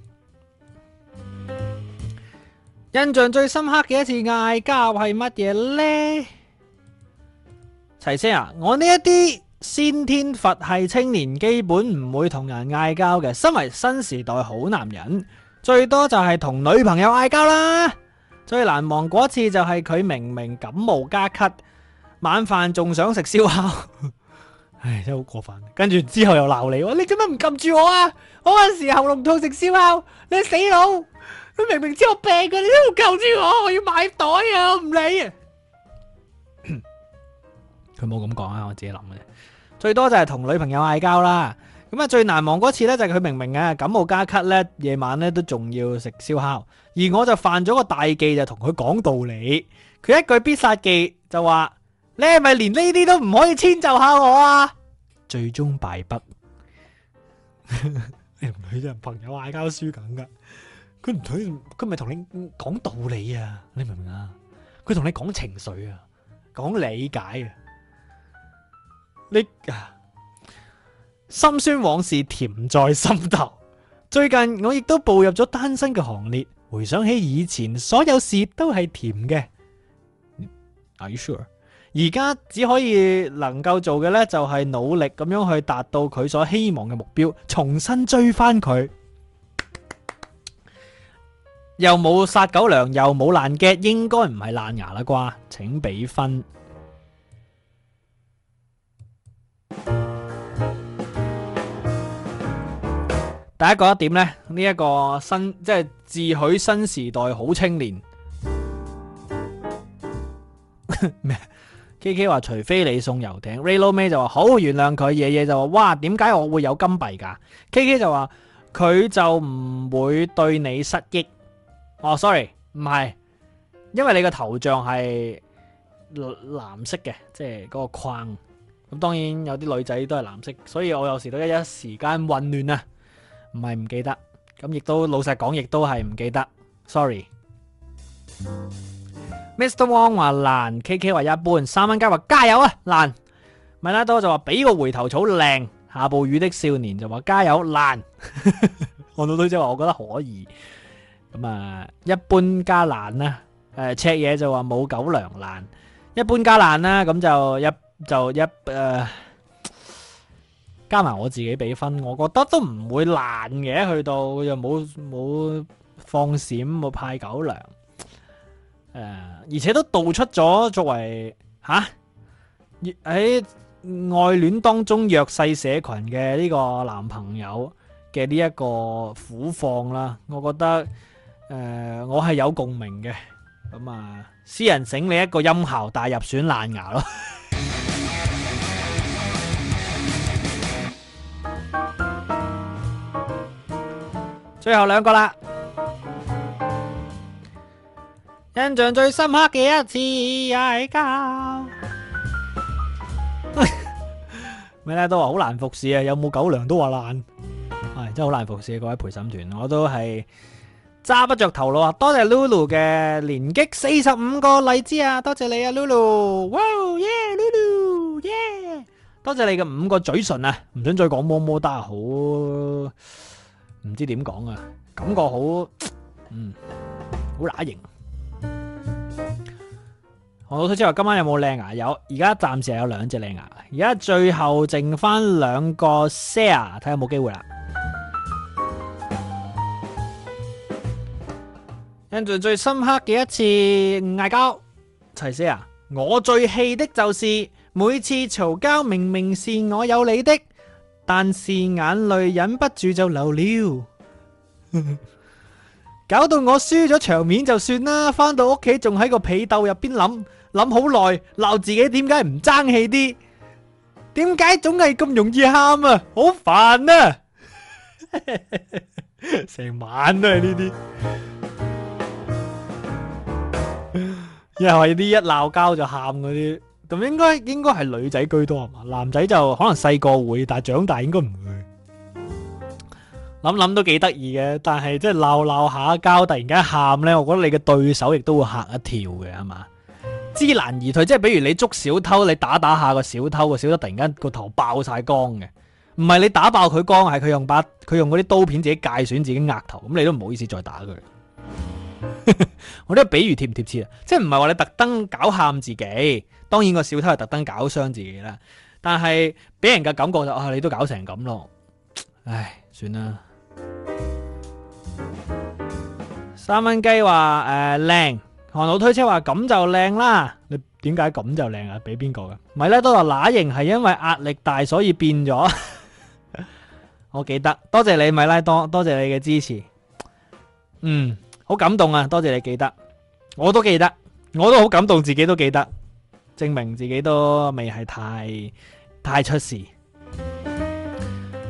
印象最深刻嘅一次嗌交係乜嘢呢？齊聲啊！我呢一啲先天佛系青年，基本唔會同人嗌交嘅。身為新時代好男人，最多就係同女朋友嗌交啦。最難忘嗰次就係佢明明感冒加咳。晚飯仲想食燒烤，唉，真係好過分。跟住之後又鬧你，你做乜唔撳住我啊？嗰陣時喉嚨痛，食燒烤，你死佬！佢明明知我病嘅，你都唔救住我，我要買袋啊！我唔理啊。佢冇咁講啊，我自己諗嘅。最多就係同女朋友嗌交啦。咁啊，最難忘嗰次咧就係佢明明啊感冒加咳咧，夜晚咧都仲要食燒烤，而我就犯咗個大忌，就同佢講道理。佢一句必殺技就話。你係咪連呢啲都唔可以遷就下我啊？最終敗筆， 你唔睇人朋友嗌交輸緊噶，佢唔睇，佢咪同你講、嗯、道理啊？你明唔明啊？佢同你講情緒啊，講理解啊。你啊，心酸往事甜在心頭。最近我亦都步入咗單身嘅行列，回想起以前所有事都係甜嘅。Are you sure？而家只可以能夠做嘅呢，就係努力咁樣去達到佢所希望嘅目標，重新追翻佢。又冇殺狗糧，又冇爛劇，應該唔係爛牙啦啩？請俾分。 第一個一點呢，呢、這、一個新即係自詡新時代好青年咩？ K K 話除非你送遊艇，Raylow 咩就話好，原諒佢。爺爺就話哇，點解我會有金幣㗎？K K 就話佢就唔會對你失憶。哦、oh，sorry，唔係，因為你個頭像係藍色嘅，即、就、係、是、個框。咁當然有啲女仔都係藍色，所以我有時都一,一時間混亂啊，唔係唔記得，咁亦都老實講，亦都係唔記得。Sorry。Mr. Wong 話難，K K 話一般，三蚊加話加油啊難，米拉多就話俾個回頭草靚，下暴雨的少年就話加油難， 看到多姐話我覺得可以，咁啊一般加難啦，誒赤嘢就話冇狗糧難，一般加難啦、啊，咁、呃就,啊、就一就一誒、呃、加埋我自己比分，我覺得都唔會難嘅去到又冇冇放閃冇派狗糧。誒，而且都道出咗作為吓，喺愛戀當中弱勢社群嘅呢個男朋友嘅呢一個苦況啦。我覺得誒，我係有共鳴嘅。咁啊，私人整理一個音效，但係入選爛牙咯。最後兩個啦。印象最深刻嘅一次嗌交，咩、哎、咧 都話好難服侍啊！有冇狗糧都話爛，唉、哎，真係好難服侍嘅，啊，各位陪審團，我都係揸不着頭腦啊！多謝 Lulu 嘅連擊四十五個荔枝啊！多謝你啊，Lulu！哇耶，wow, yeah,，Lulu 耶，yeah.！多謝你嘅五個嘴唇啊！唔準再講麼麼噠，好唔知點講啊，感覺好嗯好乸型。我老細之話今晚有冇靚牙？有，而家暫時係有兩隻靚牙，而家最後剩翻兩個 share，睇下有冇機會啦。印象最深刻嘅一次嗌交，齊 Sir，我最氣的就是每次嘈交，明明是我有理的，但是眼淚忍不住就流了。搞到我輸咗場面就算啦，翻到屋企仲喺個被竇入邊諗諗好耐，鬧自己點解唔爭氣啲，點解總係咁容易喊啊，好煩啊，成 晚都係呢啲，又係啲一鬧交就喊嗰啲，咁應該應該係女仔居多係嘛？男仔就可能細個會，但係長大應該唔會。諗諗都幾得意嘅，但係即係鬧鬧下交，突然間喊呢，我覺得你嘅對手亦都會吓一跳嘅，係嘛？知難而退，即係比如你捉小偷，你打打下個小偷個小偷突然間個頭爆晒光嘅，唔係你打爆佢光，係佢用把佢用嗰啲刀片自己界損自己額頭，咁你都唔好意思再打佢。 我呢個比喻貼唔貼切啊？即係唔係話你特登搞喊自己，當然個小偷係特登搞傷自己啦，但係俾人嘅感覺就係，啊，你都搞成咁咯，唉，算啦。三蚊雞話誒，靚，韓、呃、老推車話咁就靚啦。你點解咁就靚啊？俾邊個噶？米拉多乸型係因為壓力大所以變咗。 我記得，多謝你，米拉多，多謝你嘅支持。嗯，好感動啊！多謝你記得，我都記得，我都好感動，自己都記得，證明自己都未係太太出事。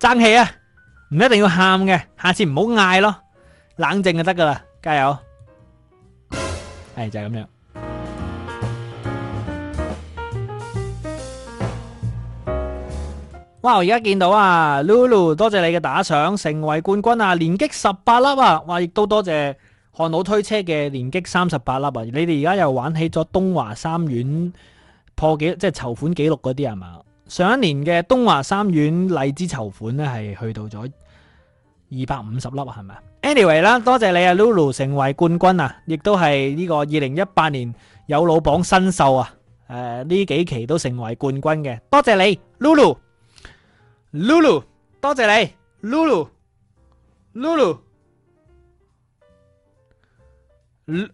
爭氣啊！唔一定要喊嘅，下次唔好嗌咯，冷靜就得噶啦。加油！係就係咁樣。哇！我而家見到啊，Lulu，多謝你嘅打賞，成為冠軍啊，連擊十八粒啊！哇，亦都多謝漢佬推車嘅連擊三十八粒啊！你哋而家又玩起咗東華三院破紀即係籌款紀錄嗰啲係嘛？上一年嘅東華三院荔枝籌款呢，係去到咗二百五十粒啊，係咪啊？Anyway 啦，多謝你啊 Lulu，成為冠軍啊，亦都係呢個二零一八年有老榜新秀啊，誒呢幾期都成為冠軍嘅，多謝你 Lulu，Lulu 多謝你 Lulu，Lulu，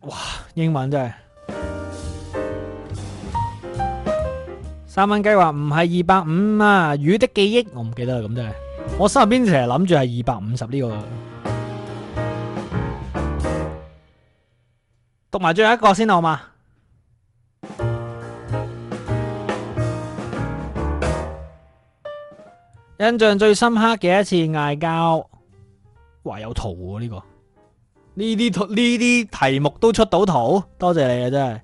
哇英文真係～三蚊雞話唔係二百五啊！魚的記憶我唔記得啦，咁真係。我心入邊成日諗住係二百五十呢個。讀埋最後一個先好嘛？ 印象最深刻嘅一次嗌交，哇有圖喎呢個。呢啲圖，呢啲題目都出到圖，多謝你啊真係。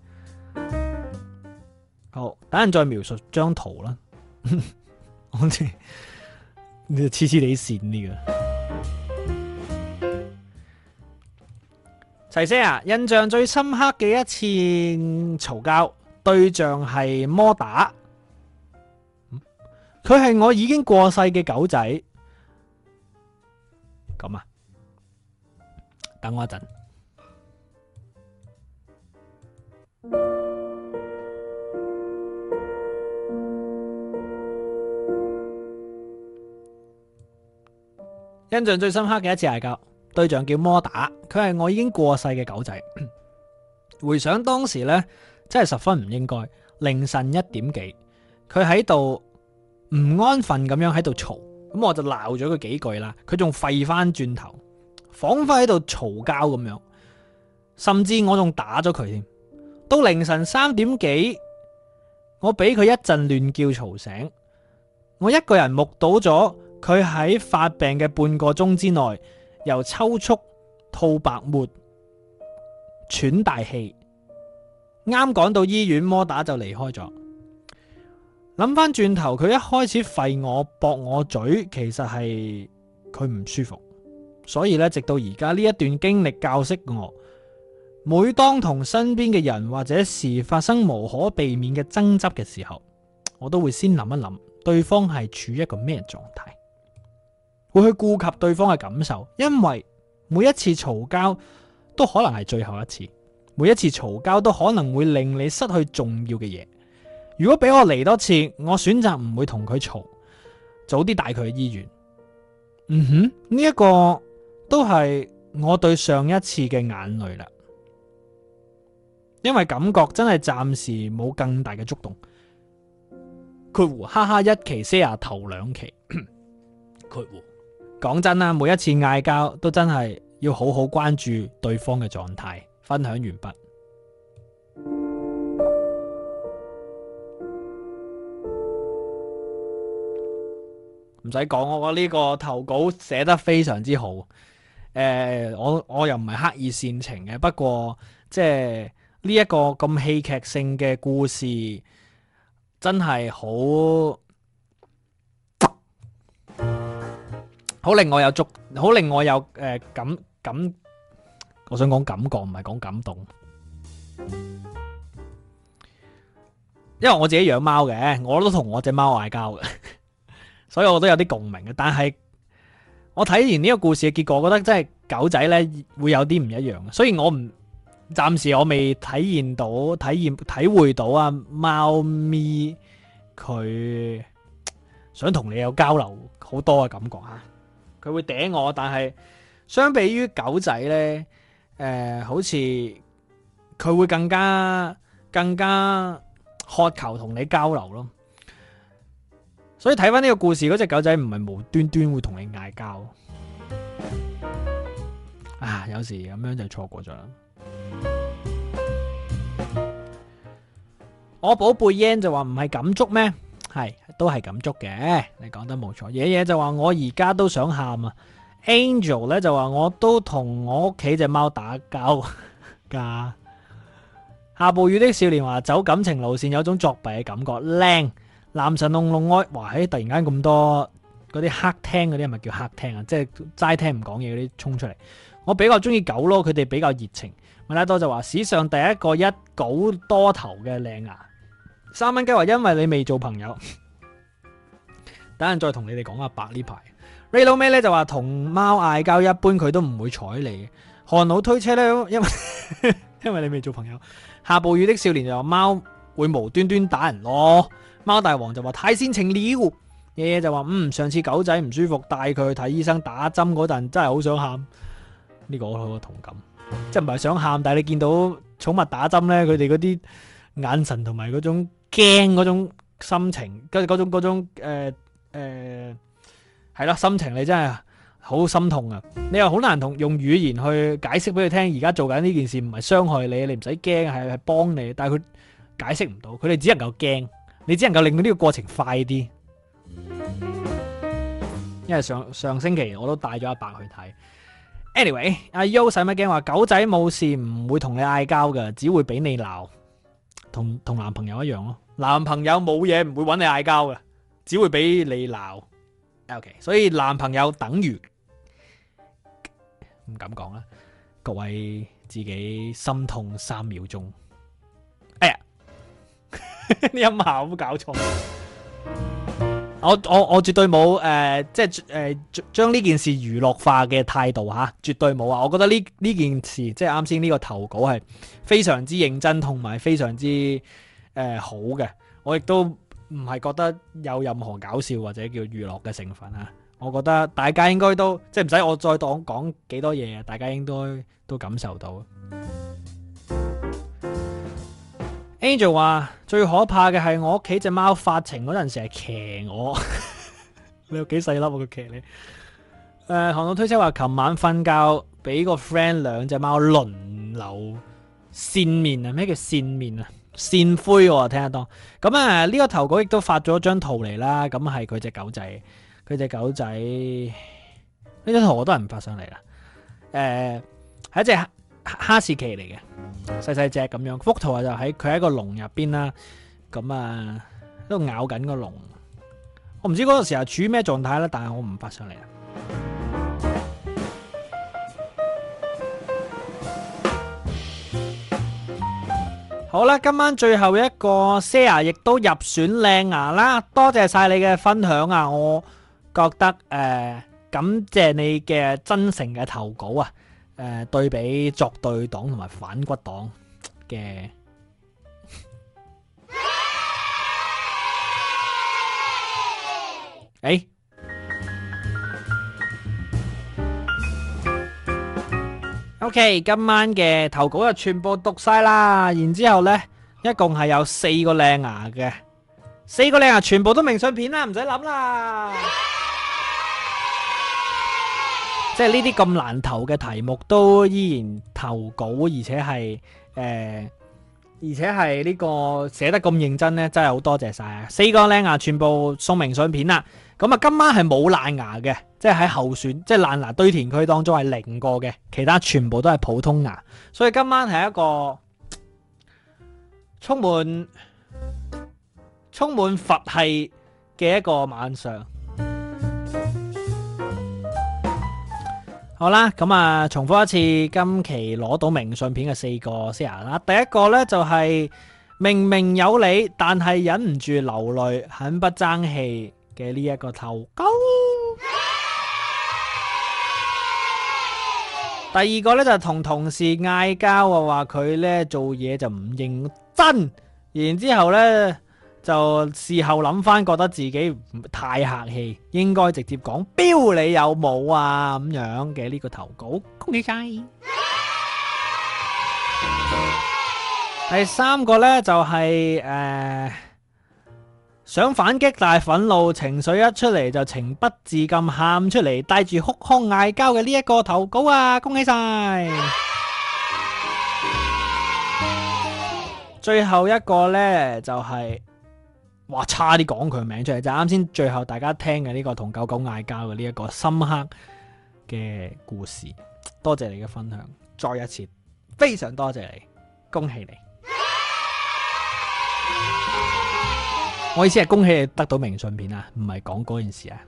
好，等陣再描述張圖啦。我知， 你黐黐地線啲嘅。齊姐啊，印象最深刻嘅一次嘈交，對象係摩打。佢係我已經過世嘅狗仔。咁啊，等我一陣。印象最深刻嘅一次嗌交，對象叫摩打，佢係我已經過世嘅狗仔。回想當時呢，真係十分唔應該。凌晨一點幾，佢喺度唔安分咁樣喺度嘈，咁我就鬧咗佢幾句啦。佢仲吠翻轉頭，仿佛喺度嘈交咁樣，甚至我仲打咗佢添。到凌晨三點幾，我俾佢一陣亂叫嘈醒，我一個人目睹咗。佢喺發病嘅半個鐘之內，由抽搐、吐白沫、喘大氣，啱趕到醫院，摩打就離開咗。諗翻轉頭，佢一開始吠我、駁我嘴，其實係佢唔舒服。所以咧，直到而家呢一段經歷教識我，每當同身邊嘅人或者事發生無可避免嘅爭執嘅時候，我都會先諗一諗對方係處於一個咩狀態。會去顧及對方嘅感受，因為每一次嘈交都可能係最後一次，每一次嘈交都可能會令你失去重要嘅嘢。如果俾我嚟多次，我選擇唔會同佢嘈，早啲帶佢去醫院。嗯哼，呢一個都係我對上一次嘅眼淚啦，因為感覺真係暫時冇更大嘅觸動。括弧，哈哈，一期 s h a 頭兩期，括 弧。講真啦，每一次嗌交都真係要好好關注對方嘅狀態。分享完畢，唔使講，我覺得呢個投稿寫得非常之好。誒、呃，我我又唔係刻意煽情嘅，不過即係呢一個咁戲劇性嘅故事，真係好。好令我有足，好令我有誒、呃、感感，我想講感覺，唔係講感動。因為我自己養貓嘅，我都同我隻貓嗌交嘅， 所以我都有啲共鳴嘅。但係我睇完呢個故事嘅結果，我覺得真係狗仔呢會有啲唔一樣。所以我唔暫時我未體驗到、體驗、體會到啊。貓咪，佢想同你有交流好多嘅感覺啊！佢會頂我，但係相比於狗仔呢，誒、呃，好似佢會更加更加渴求同你交流咯。所以睇翻呢個故事，嗰隻狗仔唔係無端端會同你嗌交啊！有時咁樣就錯過咗啦。我寶貝 N 就話唔係感觸咩？係，都係咁捉嘅。你講得冇錯。爺爺就話我而家都想喊啊。Angel 咧就話我都同我屋企隻貓打交㗎。 下暴雨的少年話走感情路線有一種作弊嘅感覺。靚男神弄弄哀哇！喺突然間咁多嗰啲客廳嗰啲係咪叫客廳啊？即係齋聽唔講嘢嗰啲衝出嚟。我比較中意狗咯，佢哋比較熱情。米拉多就話史上第一個一稿多頭嘅靚牙。三蚊雞話： 因為你未做朋友，等陣再同你哋講阿白呢排。Rayloma 咩咧就話同貓嗌交，一般佢都唔會睬你。韓老推車咧，因為因為你未做朋友。下暴雨的少年就話貓會無端端打人咯。貓、哦、大王就話太煽情了。爺爺就話嗯，上次狗仔唔舒服，帶佢去睇醫生打針嗰陣，真係好想喊。呢、這個我好同感，即係唔係想喊，但係你見到寵物打針咧，佢哋嗰啲眼神同埋嗰種。驚嗰種心情，嗰嗰種嗰種誒誒，係啦，心情你真係好心痛啊！你又好難用用語言去解釋俾佢聽，而家做緊呢件事唔係傷害你，你唔使驚，係係幫你，但係佢解釋唔到，佢哋只能夠驚，你只能夠令到呢個過程快啲。因為上上星期我都帶咗阿伯去睇。Anyway，阿優使乜驚？話狗仔冇事唔會同你嗌交嘅，只會俾你鬧，同同男朋友一樣咯。男朋友冇嘢唔會揾你嗌交嘅，只會俾你鬧。O、okay，OK，所以男朋友等於唔敢講啦，各位自己心痛三秒鐘。哎呀，呢音效都搞錯。 我我我絕對冇誒、呃，即係誒將呢件事娛樂化嘅態度吓、啊，絕對冇啊！我覺得呢呢件事即係啱先呢個投稿係非常之認真同埋非常之。誒、呃，好嘅，我亦都唔係覺得有任何搞笑或者叫娛樂嘅成分啊！我覺得大家應該都即係唔使我再講講幾多嘢，大家應該都，都感受到。Angel 話最可怕嘅係我屋企隻貓發情嗰陣成日騎我， 你有幾細粒佢騎你？誒、呃，行路推車話琴晚瞓覺俾個 friend 兩隻貓輪流扇面啊！咩叫扇面啊？扇灰喎，聽得多咁啊！呢、這個投稿亦都發咗張圖嚟啦，咁係佢隻狗仔，佢隻狗仔呢張圖我都係唔發上嚟啦，誒、呃、係一隻哈，哈士奇嚟嘅，細細隻咁樣，幅圖啊就喺佢喺個籠入邊啦，咁啊喺度咬緊個籠，我唔知嗰個時候處於咩狀態啦，但係我唔發上嚟啦。好啦，今晚最後一個 s a r a 亦都入選靚牙啦，多謝晒你嘅分享啊！我覺得誒，感謝、呃、你嘅真誠嘅投稿啊，誒、呃，對比作對黨同埋反骨黨嘅，誒、 哎。O、okay, K，今晚嘅投稿就全部讀晒啦，然之後呢，一共係有四個靚牙嘅，四個靚牙全部都明信片啦，唔使諗啦。即係呢啲咁難投嘅題目都依然投稿，而且係誒、呃，而且係呢個寫得咁認真呢，真係好多謝晒。四個靚牙全部送明信片啦。咁啊，今晚係冇爛牙嘅，即係喺候選即係爛牙堆填區當中係零個嘅，其他全部都係普通牙，所以今晚係一個充滿充滿佛系嘅一個晚上。嗯、好啦，咁、嗯、啊，重複一次今期攞到明信片嘅四個先。R 啦。第一個呢，就係、是、明明有理，但係忍唔住流淚，很不爭氣。嘅呢一個投稿，第二個呢，就同同事嗌交啊，話佢呢做嘢就唔認真，然之後呢，就事後諗翻覺得自己太客氣，應該直接講標你有冇啊，咁樣嘅呢個投稿，恭喜曬。第三個呢，就係、是、誒。呃想反擊，但係憤怒情緒一出嚟，就情不自禁喊出嚟，帶住哭腔嗌交嘅呢一個投稿啊，恭喜晒！ 最後一個呢，就係，哇差啲講佢名出嚟，就啱先最後大家聽嘅呢個同狗狗嗌交嘅呢一個深刻嘅故事，多謝你嘅分享，再一次非常多謝你，恭喜你！我意思係恭喜你得到明信片啊，唔係講嗰件事啊！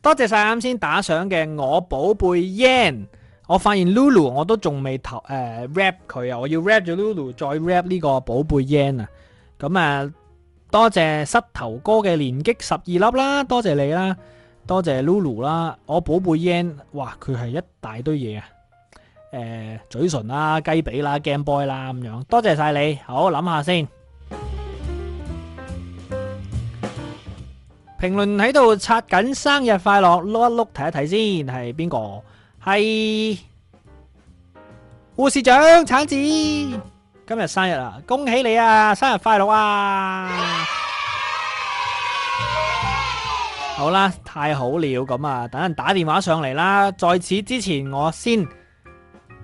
多謝晒，啱先打賞嘅我寶貝 Yan，我發現 Lulu 我都仲未投誒 rap 佢啊，我要 rap 咗 Lulu 再 rap 呢個寶貝 Yan 啊！咁啊，多謝膝頭哥嘅連擊十二粒啦，多謝你啦，多謝 Lulu 啦，我寶貝 Yan，哇，佢係一大堆嘢啊！誒，嘴唇啦，雞髀啦，Game Boy 啦，咁樣，多謝晒你。好，諗下先。評論喺度刷緊生日快樂，碌一碌睇一睇先，係邊個？係護士長橙子，今日生日啊，恭喜你啊，生日快樂啊！好啦，太好了，咁啊，等陣打電話上嚟啦。在此之前，我先。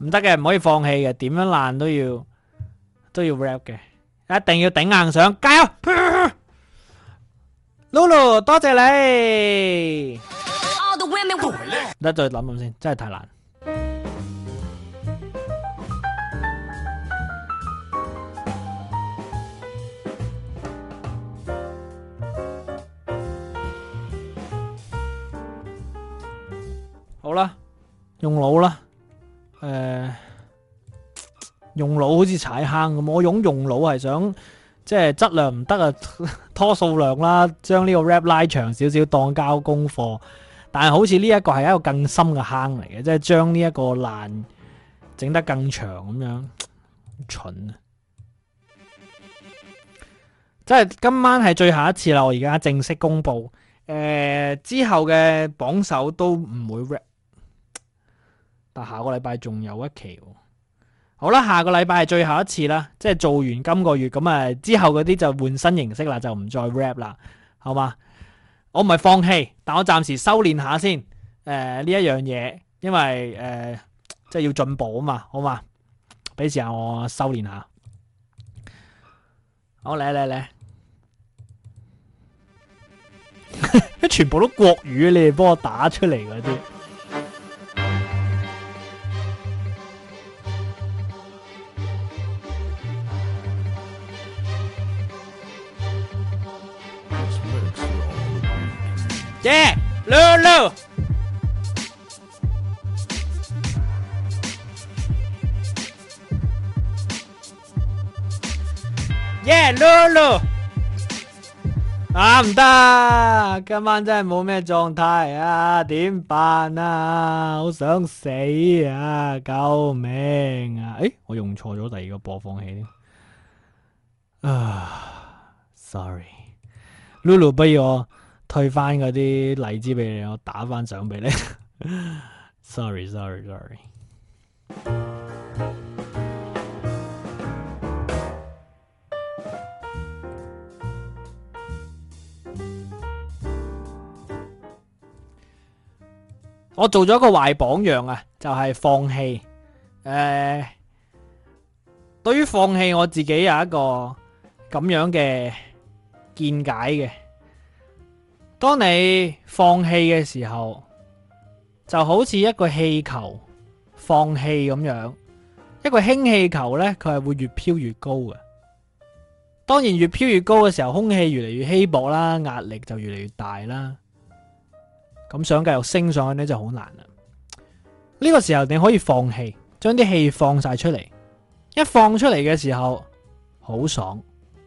唔得嘅，唔可以放棄嘅，點樣爛都要都要 rap 嘅，一定要頂硬上，加油！Lulu，多謝你。得再諗諗先，真係太難。好啦，用腦啦。誒、呃，用腦好似踩坑咁，我用用腦係想，即係質量唔得啊，拖數量啦，將呢個 rap 拉長少少當交功課，但係好似呢一個係一個更深嘅坑嚟嘅，即係將呢一個爛整得更長咁樣，蠢啊！即係今晚係最後一次啦，我而家正式公布，誒、呃、之後嘅榜首都唔會 rap。下個禮拜仲有一期，哦，好啦，下個禮拜係最後一次啦，即係做完今個月咁啊，之後嗰啲就換新形式啦，就唔再 rap 啦，好嘛？我唔係放棄，但我暫時修煉下先，誒、呃、呢一樣嘢，因為誒、呃、即係要進步啊嘛，好嘛？俾時間我修煉下，好嚟嚟嚟， 全部都國語，你哋幫我打出嚟嗰啲。耶，露露！耶，露露！啊，唔得，今晚真係冇咩狀態啊，點辦啊？好想死啊！救命啊！誒，我用錯咗第二個播放器。啊，sorry，露露不要。退翻嗰啲荔枝俾你，我打翻賞俾你。Sorry，sorry，sorry sorry。Sorry. 我做咗個壞榜樣啊，就係、是、放棄。誒、呃，對於放棄，我自己有一個咁樣嘅見解嘅。當你放氣嘅時候，就好似一個氣球放氣咁樣，一個氫氣球呢，佢係會越飄越高嘅。當然越飄越高嘅時候，空氣越嚟越稀薄啦，壓力就越嚟越大啦。咁想繼續升上去呢，就好難啦。呢個時候你可以放氣，將啲氣放晒出嚟。一放出嚟嘅時候，好爽，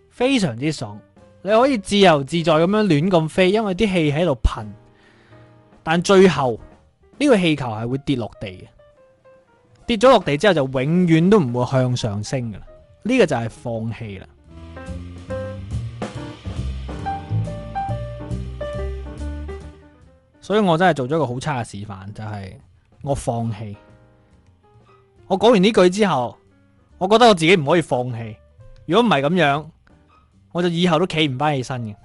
非常之爽。你可以自由自在咁樣亂咁飛，因為啲氣喺度噴，但最後呢個氣球係會跌落地嘅，跌咗落地之後就永遠都唔會向上升㗎喇。呢個就係放棄啦。所以我真係做咗一個好差嘅示範，就係我放棄。我講完呢句之後，我覺得我自己唔可以放棄。如果唔係咁樣。我就以後都企唔翻起身嘅。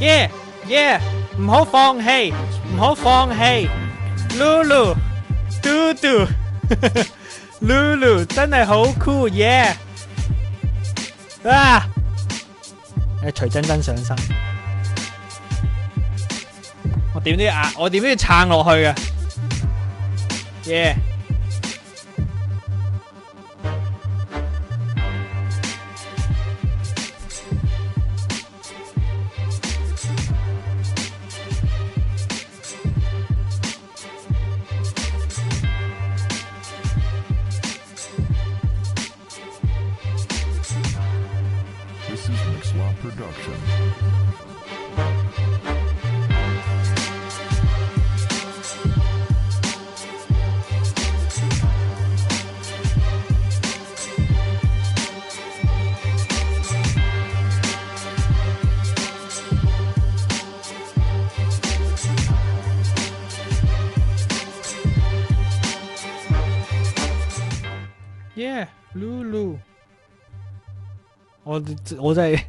耶耶，唔好放棄，唔好放棄。Lulu，Dudu，Lulu Lulu，真係好酷耶！o l 啊，yeah. ah. 徐真真上身。點樣啊！我點樣撐落去嘅耶！我我真係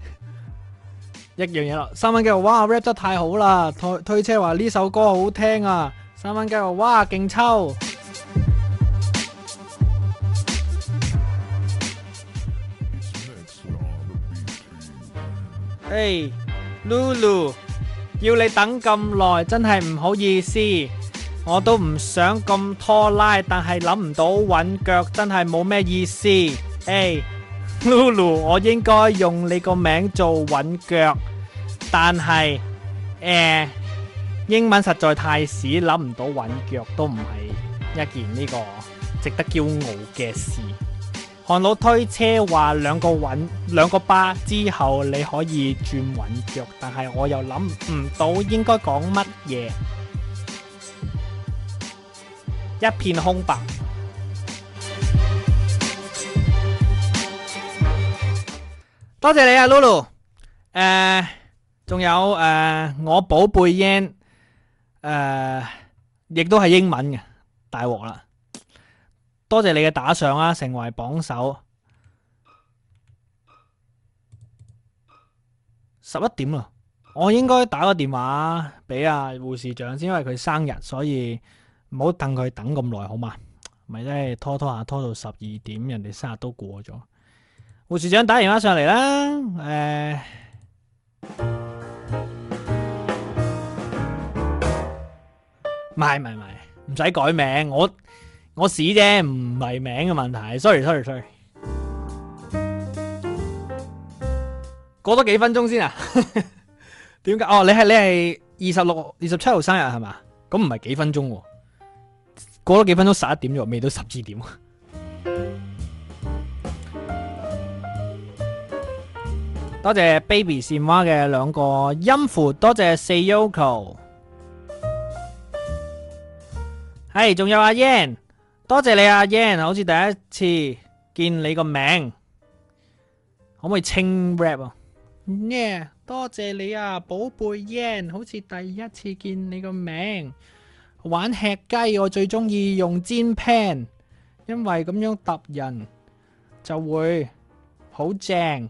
一樣嘢啦，三蚊雞話，哇，rap 得太好啦！推推車話呢首歌好聽啊！三蚊雞話，哇，勁抽！誒，Lulu，要你等咁耐，真係唔好意思，我都唔想咁拖拉，但係諗唔到搵腳，真係冇咩意思，誒。Lulu，我應該用你個名做韻腳，但係誒、呃、英文實在太屎，諗唔到韻腳都唔係一件呢個值得驕傲嘅事。韓老推車話兩個韻兩個巴之後，你可以轉韻腳，但係我又諗唔到應該講乜嘢，一片空白。多謝你啊，Lulu。誒，仲有誒，我寶貝 Yan，誒，亦都係英文嘅大鑊啦。多謝你嘅打賞啦，成為榜首。十一點啦，我應該打個電話俾阿護士長先，因為佢生日，所以唔好等佢等咁耐，好嘛？咪真係拖拖下拖到十二點，人哋生日都過咗。護士長打電話上嚟啦，誒、呃，唔係唔係唔係，唔 使樂改名，我我試啫，唔係名嘅問題，sorry sorry sorry， 過多幾分鐘先啊？點 解？哦，你係你係二十六二十七號生日係嘛？咁唔係幾分鐘、啊，過多幾分鐘十一點咗，未到十二點、啊。多謝 Baby 線娃嘅兩個音符，多謝 Sayoko，係仲有阿 Yan，多謝你啊 Yan，好似第一次見你個名，可唔可以清 rap？耶，多謝你啊，寶貝 Yan，好似第一次見你個名，玩吃雞我最中意用煎 pan，因為咁樣揼人就會好正。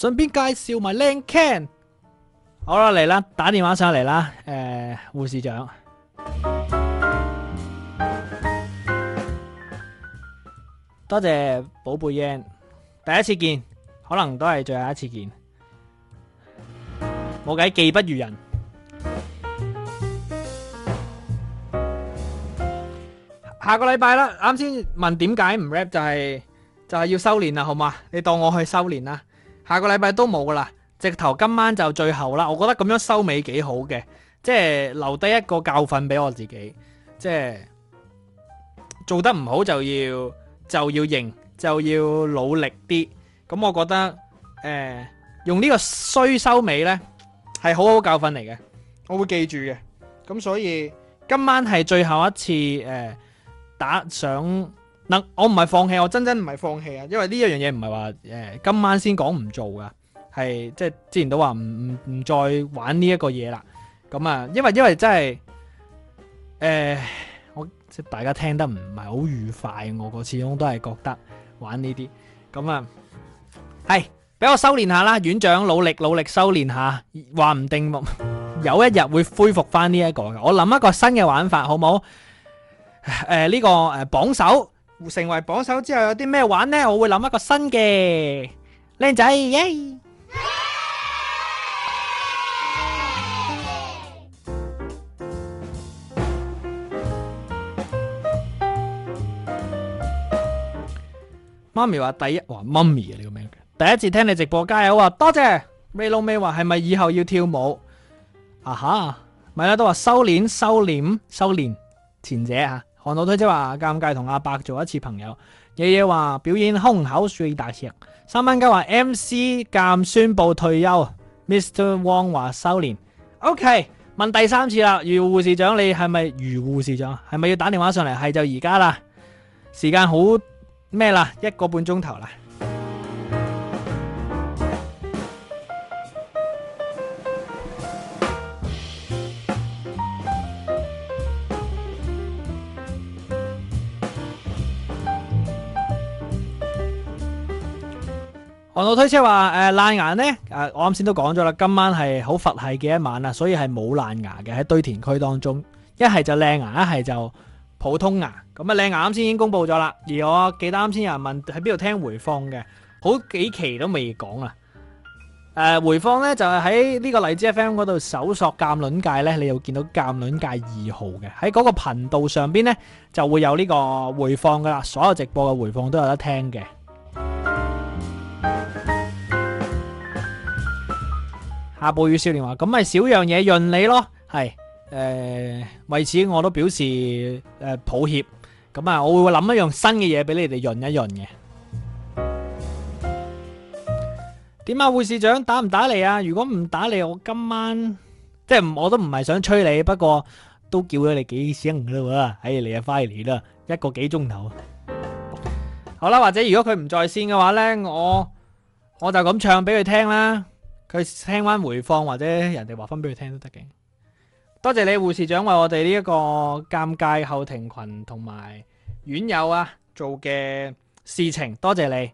順便介紹埋靚 can 好啦，嚟啦，打電話上嚟啦。誒，護士長，多謝寶貝 yan，第一次見，可能都係最後一次見，冇計，技不如人。下個禮拜啦，啱先問點解唔 rap，就係就係要修煉啦，好嘛？你當我去修煉啦。下個禮拜都冇噶啦，直頭今晚就最後啦。我覺得咁樣收尾幾好嘅，即係留低一個教訓俾我自己，即係做得唔好就要就要認，就要努力啲。咁我覺得誒、呃、用呢個衰收尾呢，係好好教訓嚟嘅，我會記住嘅。咁所以今晚係最後一次誒、呃、打上。嗱，我唔係放棄，我真真唔係放棄啊！因為呢一樣嘢唔係話誒今晚先講唔做噶，係即係之前都話唔唔唔再玩呢一個嘢啦。咁啊，因為因為真係誒，我即係大家聽得唔係好愉快，我個始終都係覺得玩呢啲。咁啊，係俾我修煉下啦，院長努力努力修煉下，話唔定有一日會恢復返呢一個嘅。我諗一個新嘅玩法好唔好？誒呢個誒榜首。成為榜首之後有啲咩玩呢？我會諗一個新嘅，靚仔耶！媽、yeah! yeah! 咪，話第一話媽咪啊，呢個名第一次聽你直播，加油啊！多謝 Raylo May，話係咪以後要跳舞？啊哈！咪啦都話修斂修斂修斂前者啊！韓老推即話尷尬同阿伯做一次朋友，爺爺話表演胸口碎大石，三班雞話 M C 監宣布退休，Mr. Wang 話收年，OK 問第三次啦，余護士長你係咪余護士長，係咪要打電話上嚟？係就而家啦，時間好咩啦，一個半鐘頭啦。我老推車話誒爛牙咧誒，我啱先都講咗啦，今晚係好佛系嘅一晚啦，所以係冇爛牙嘅喺堆填區當中，一係就靚牙，一係就普通牙。咁啊靚牙啱先已經公布咗啦，而我記得啱先有人問喺邊度聽回放嘅，好幾期都未講啊。誒回放咧就係喺呢個荔枝 FM 嗰度搜索鑑論界咧，你又見到鑑論界二號嘅喺嗰個頻道上邊咧就會有呢個回放噶啦，所有直播嘅回放都有得聽嘅。阿暴雨少年話：咁咪少樣嘢潤你咯，係誒、呃，為此我都表示誒、呃、抱歉。咁啊，我會諗一樣新嘅嘢俾你哋潤一潤嘅。點啊，護士長打唔打嚟啊？如果唔打嚟，我今晚即係我都唔係想催你，不過都叫咗你幾聲啦喎。哎，你又快嚟啦，一個幾鐘頭。好啦，或者如果佢唔在線嘅話呢，我我就咁唱俾佢聽啦。佢聽翻回放或者人哋話翻俾佢聽都得嘅。多謝你護士長為我哋呢一個尷尬後庭群同埋院友啊做嘅事情，多謝你。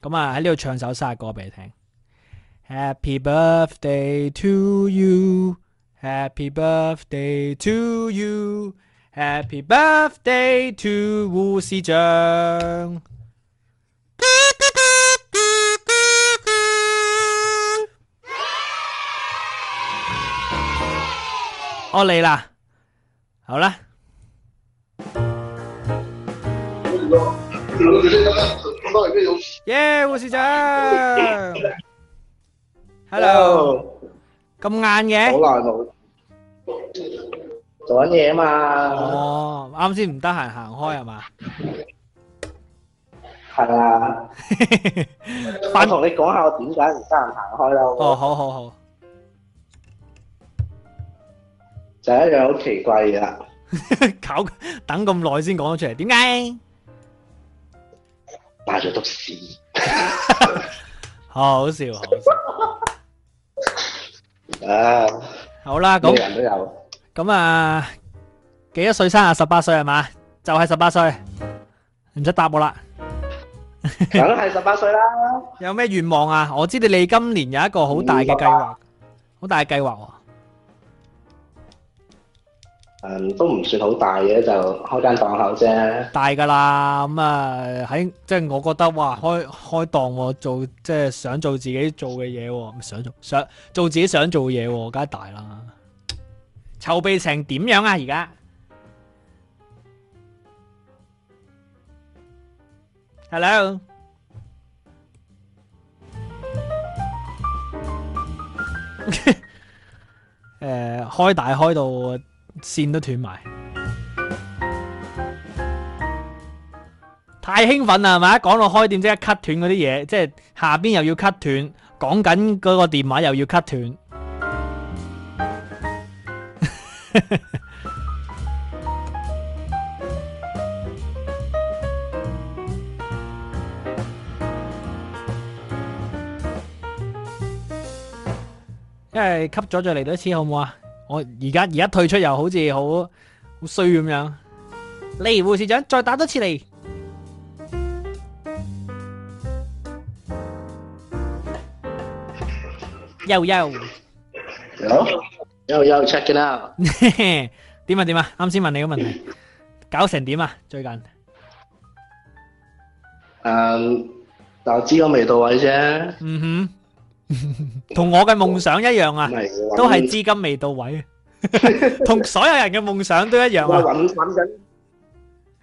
咁啊喺呢度唱首生日歌俾你聽。Happy birthday to you, happy birthday to you, happy birthday to 護士長。我嚟啦，好啦。耶，護士長。Hello。咁晏嘅？好難做。做緊嘢啊嘛。哦，啱先唔得閒行開係嘛？係啊。快我同你講下我點解唔得閒行開啦。哦，好好好。就一樣好奇怪嘢啦，搞等咁耐先講得出嚟，點解？擺咗篤屎，好笑，好笑。啊，好啦，咁，人都有，咁啊，幾多歲生啊？十八歲係嘛？就係十八歲，唔使答我啦。梗係十八歲啦。有咩願望啊？我知道你今年有一個好大嘅計劃，好大嘅計劃喎。嗯，都唔算好大嘅，就開間檔口啫。大噶啦，咁啊，喺即係我覺得哇，開開檔我、啊、做即係想做自己做嘅嘢，喎，想做想做自己想做嘅嘢，啊，梗係大啦。籌備成點樣啊？而家，hello，誒、 呃，開大開到。線都斷埋，太興奮啦，係咪？一講到開店，即刻 cut 斷嗰啲嘢，即係下邊又要 cut 斷，講緊嗰個電話又要 cut 斷，因為 cut 咗再嚟多一次，好唔好啊？我而家而家退出又好似好好衰咁樣。嚟護士長，再打多次嚟。又又。又？又又 check it out。點啊點啊！啱先問你個問題，搞成點啊？最近。誒，但知個未到位啫。嗯哼。同我嘅夢想一樣啊，都係資金未到位，同所有人嘅夢想都一樣啊。搵搵緊，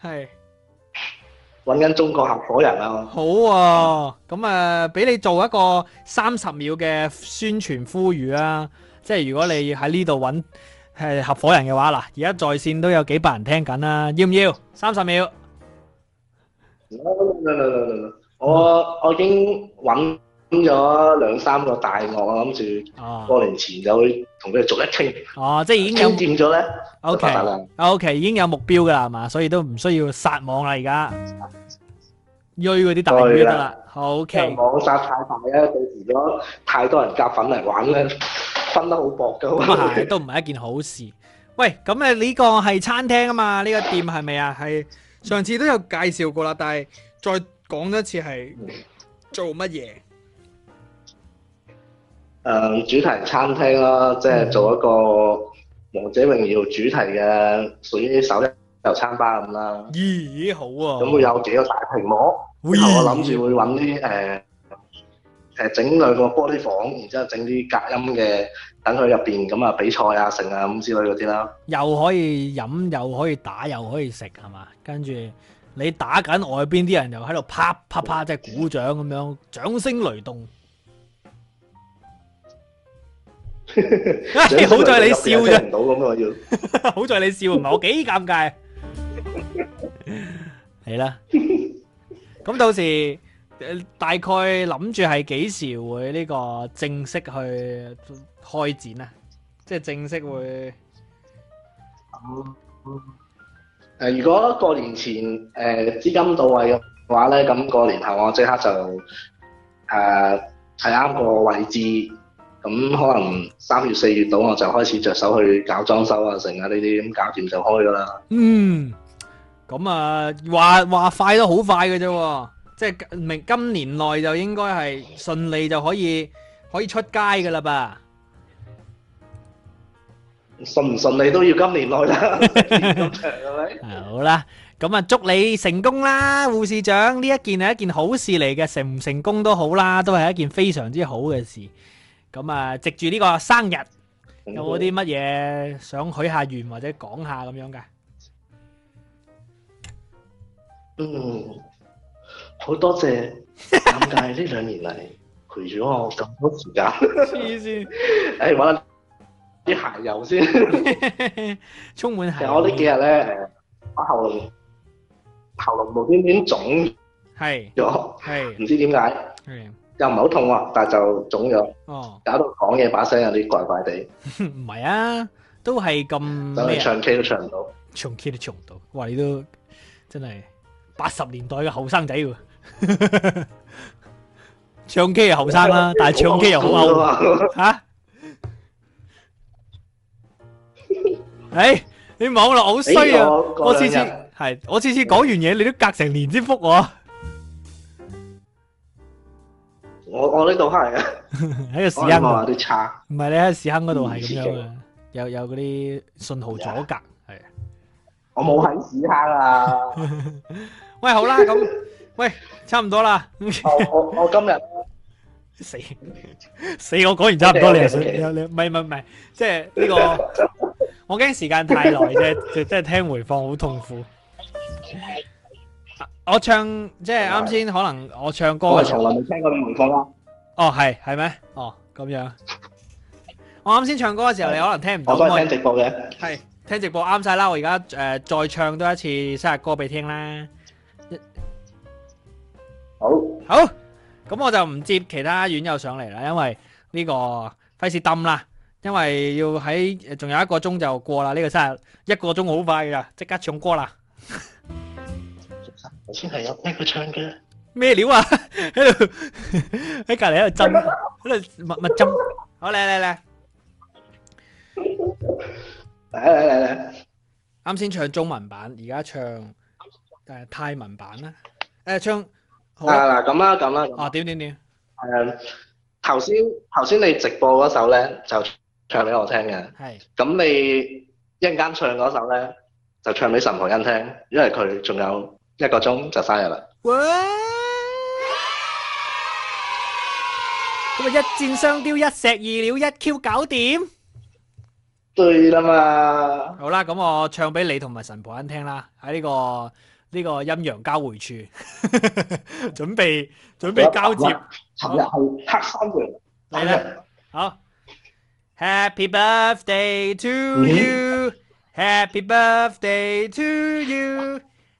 係搵緊中國合伙人啊！好啊，咁啊，俾你做一個三十秒嘅宣傳呼籲啊！即係如果你要喺呢度搵係合伙人嘅話，嗱，而家在綫都有幾百人聽緊啦，要唔要？三十秒，我我已經搵。咁咗兩三個大網，我諗住過年前就會同佢哋逐一傾。哦，即係已經有掂咗咧。O K，O K，已經有目標噶啦，係嘛，所以都唔需要殺網啦，而家追嗰啲大魚得啦。OK，網殺太大咧，到時如果太多人夾份嚟玩咧， 分得好薄噶。 都唔係一件好事。喂，咁啊呢個係餐廳啊嘛？呢、呢個店係咪啊？係上次都有介紹過啦，但係再講一次係做乜嘢？嗯誒、嗯，主題餐廳啦，即係做一個王者榮耀主題嘅，屬於手遊餐吧咁啦。咦、嗯，好、嗯、啊！咁、嗯、會、嗯、有幾個大屏幕，會、嗯、我諗住會搵啲誒，誒、呃，整兩個玻璃房，然之後整啲隔音嘅，等佢入邊咁啊比賽啊，成啊咁之類嗰啲啦。又可以飲，又可以打，又可以食，係嘛？跟住你打緊外邊啲人，又喺度啪啪啪即係鼓掌咁樣，掌聲雷動。唉，好在你笑啫，到咁我要，好在你笑唔係我幾尷尬。係啦，咁到時誒，大概諗住係幾時會呢個正式去開展啊？即係正式會。誒，如果過年前誒資金到位嘅話咧，咁過年後我即刻就誒喺啱個位置。咁可能三月四月到我就開始着手去搞裝修啊，成啊呢啲咁搞掂就開噶啦。嗯，咁啊話話快都好快嘅啫，即係明今年內就應該係順利就可以可以出街噶啦吧。順唔順利都要今年內啦。好啦，咁啊祝你成功啦，護士長，呢一件係一件好事嚟嘅，成唔成功都好啦，都係一件非常之好嘅事。咁啊，藉住呢個生日，有冇啲乜嘢想許下願或者講下咁樣噶？嗯，好多謝，感謝呢兩年嚟陪住我咁多時間。痴線，誒，搵啲鞋油先，充滿鞋。其實我呢幾日咧，我喉嚨喉嚨冇啲啲腫，係，咗，係，唔知點解。又唔係好痛喎，啊，但係就腫咗，搞到講嘢把聲有啲怪怪地。唔 係啊，都係咁。就去、是、唱 K 都唱唔到，唱 K 都唱唔到。哇！你都真係八十年代嘅後生仔喎， 唱 K 係後生啦， 但係唱 K 又好 out 嚇。誒、 啊 哎，你網絡好衰啊！我次次係，我次我次講完嘢， 你都隔成年先覆我。我我呢度係喺個屎坑度，有啲差，唔係你喺屎坑嗰度係咁樣嘅，有有嗰啲信號阻隔，係我冇喺屎坑啊！喂，好啦，咁喂，差唔多啦。我我今日 死死，我講完差唔多，okay, okay，你又想、okay。你你唔係唔係唔係，即係呢個 我驚時間太耐啫，即 係聽回放好痛苦。 我唱即係啱先，可能我唱歌嘅時候的，我從來未聽過你唱歌。哦，係係咩？哦，咁樣。我啱先唱歌嘅時候的，你可能聽唔到。我都聽直播嘅。係聽直播啱晒啦！我而家誒再唱多一次生日歌俾你聽啦。好。好。咁我就唔接其他院友上嚟啦，因為呢、這個費事抌啦。因為要喺仲有一個鐘就過啦，呢、這個生日一個鐘好快噶，即刻唱歌啦。先係有咩佢唱嘅咩料啊喺度喺隔籬喺度震喺度密密震好嚟嚟嚟嚟嚟嚟啱先唱中文版而家唱誒、呃、泰文版啦誒、欸、唱啊嗱咁啦咁啦啊點點點誒頭先頭先你直播嗰首咧就唱俾我聽嘅係咁你一陣間唱嗰首咧就唱俾神婆欣聽因為佢仲有。一個鐘就生日啦！咁啊，一箭雙雕，一石二鳥，一 Q 搞掂，對啦嘛！好啦，咁我唱俾你同埋神婆恩聽啦，喺呢個呢個陰陽交匯處，準備準備交接。尋日係黑山羊。係啦，好。Happy birthday to you. Happy birthday to you.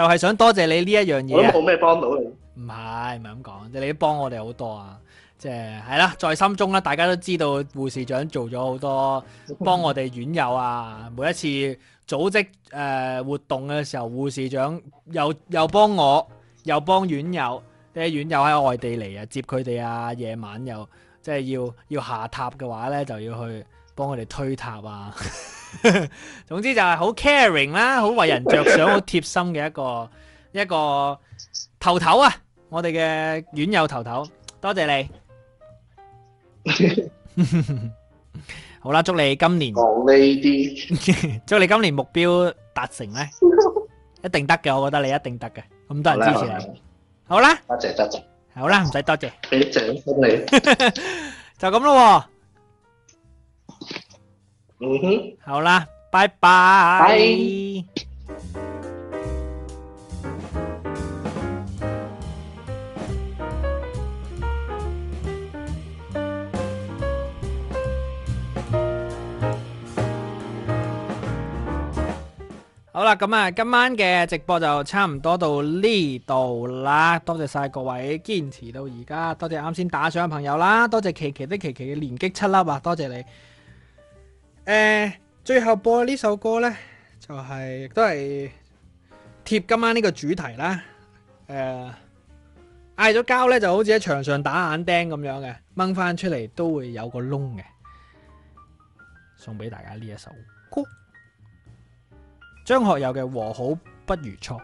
又係想多謝你呢一樣嘢，冇咩幫到你。唔係，唔係咁講，即係你幫我哋好多啊！即係係啦，在心中啦，大家都知道護士長做咗好多幫我哋院友啊！ 每一次組織誒、呃、活動嘅時候，護士長又又幫我，又幫院友。即係院友喺外地嚟啊，接佢哋啊，夜晚又即係、就是、要要下塔嘅話咧，就要去幫佢哋推塔啊。 總之就係好 caring 啦，好為人着想，好貼心嘅一個一個頭頭啊！我哋嘅院友頭頭，多謝你。好啦，祝你今年，講呢啲，祝你今年目標達成咧，一定得嘅，我覺得你一定得嘅，咁多人支持你，好啦，多謝多謝，好啦，唔使多謝，多謝，恭喜，就咁咯。嗯、好啦，拜拜。Bye、好啦，咁啊，今晚嘅直播就差唔多到呢度啦。多謝晒各位堅持到而家，多謝啱先打賞嘅朋友啦，多謝琪琪的琪琪嘅連擊七粒啊，多謝你。誒，最後播呢首歌呢，就係、亦、都係貼今晚呢個主題啦。誒、呃，嗌咗交呢，就好似喺牆上打眼釘咁樣嘅，掹翻出嚟都會有個窿嘅。送俾大家呢一首歌，張學友嘅《和好不如錯》。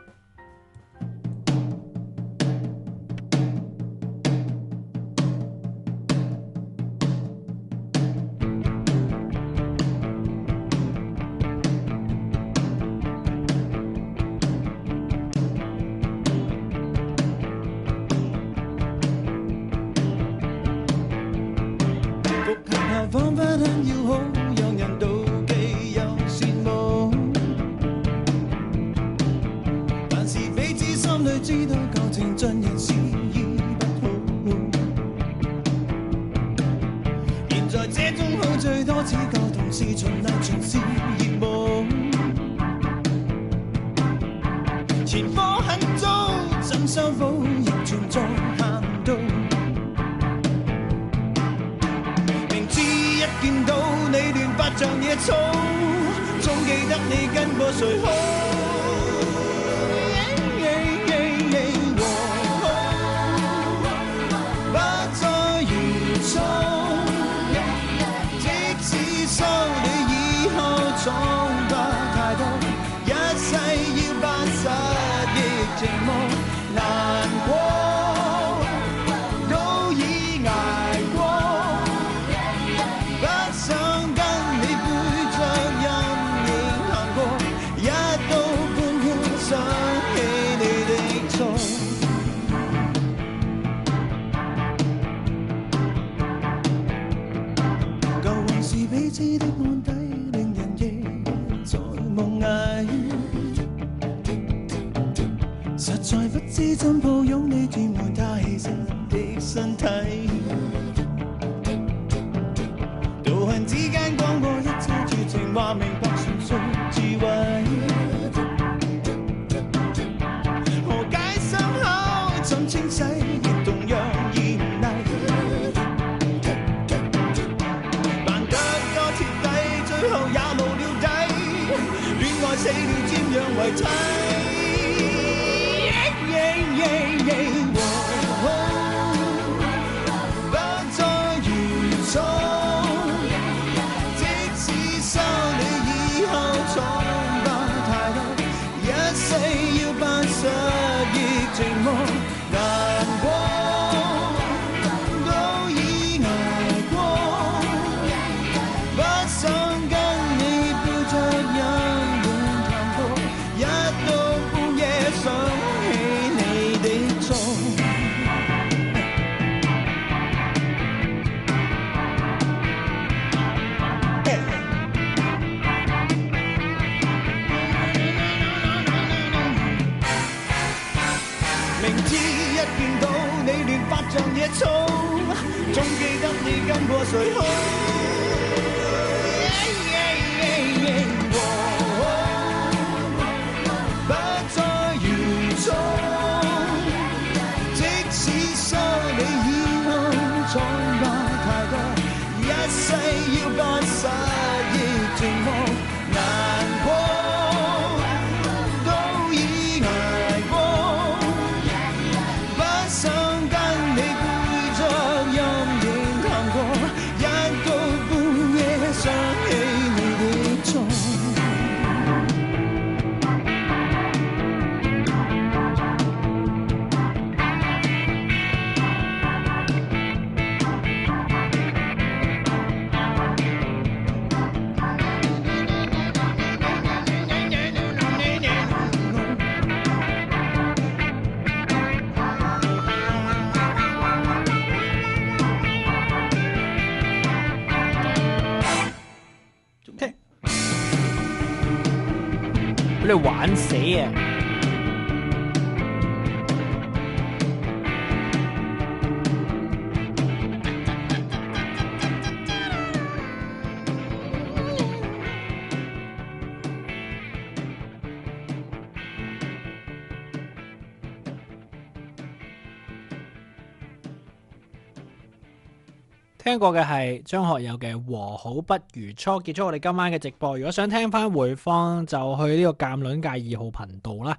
聽過嘅係張學友嘅《和好不如初》，結束我哋今晚嘅直播。如果想聽翻回放，就去呢個鑑卵界二號頻道啦。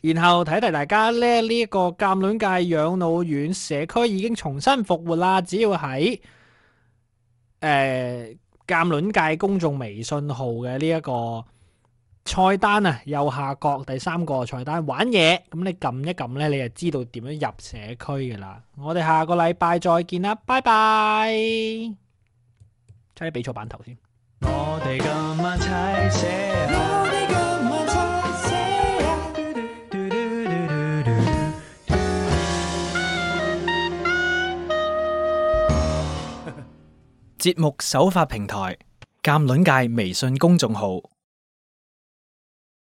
然後提提大家咧，呢一個鑑卵界養老院社區已經重新復活啦。只要喺誒鑑卵界公眾微信號嘅呢一個。菜單啊，右下角第三個菜單玩嘢，咁你撳一撳咧，你就知道點樣入社區噶啦。我哋下個禮拜再見啦，拜拜。差啲比賽版頭先。節目首發平台：鑑論界微信公眾號。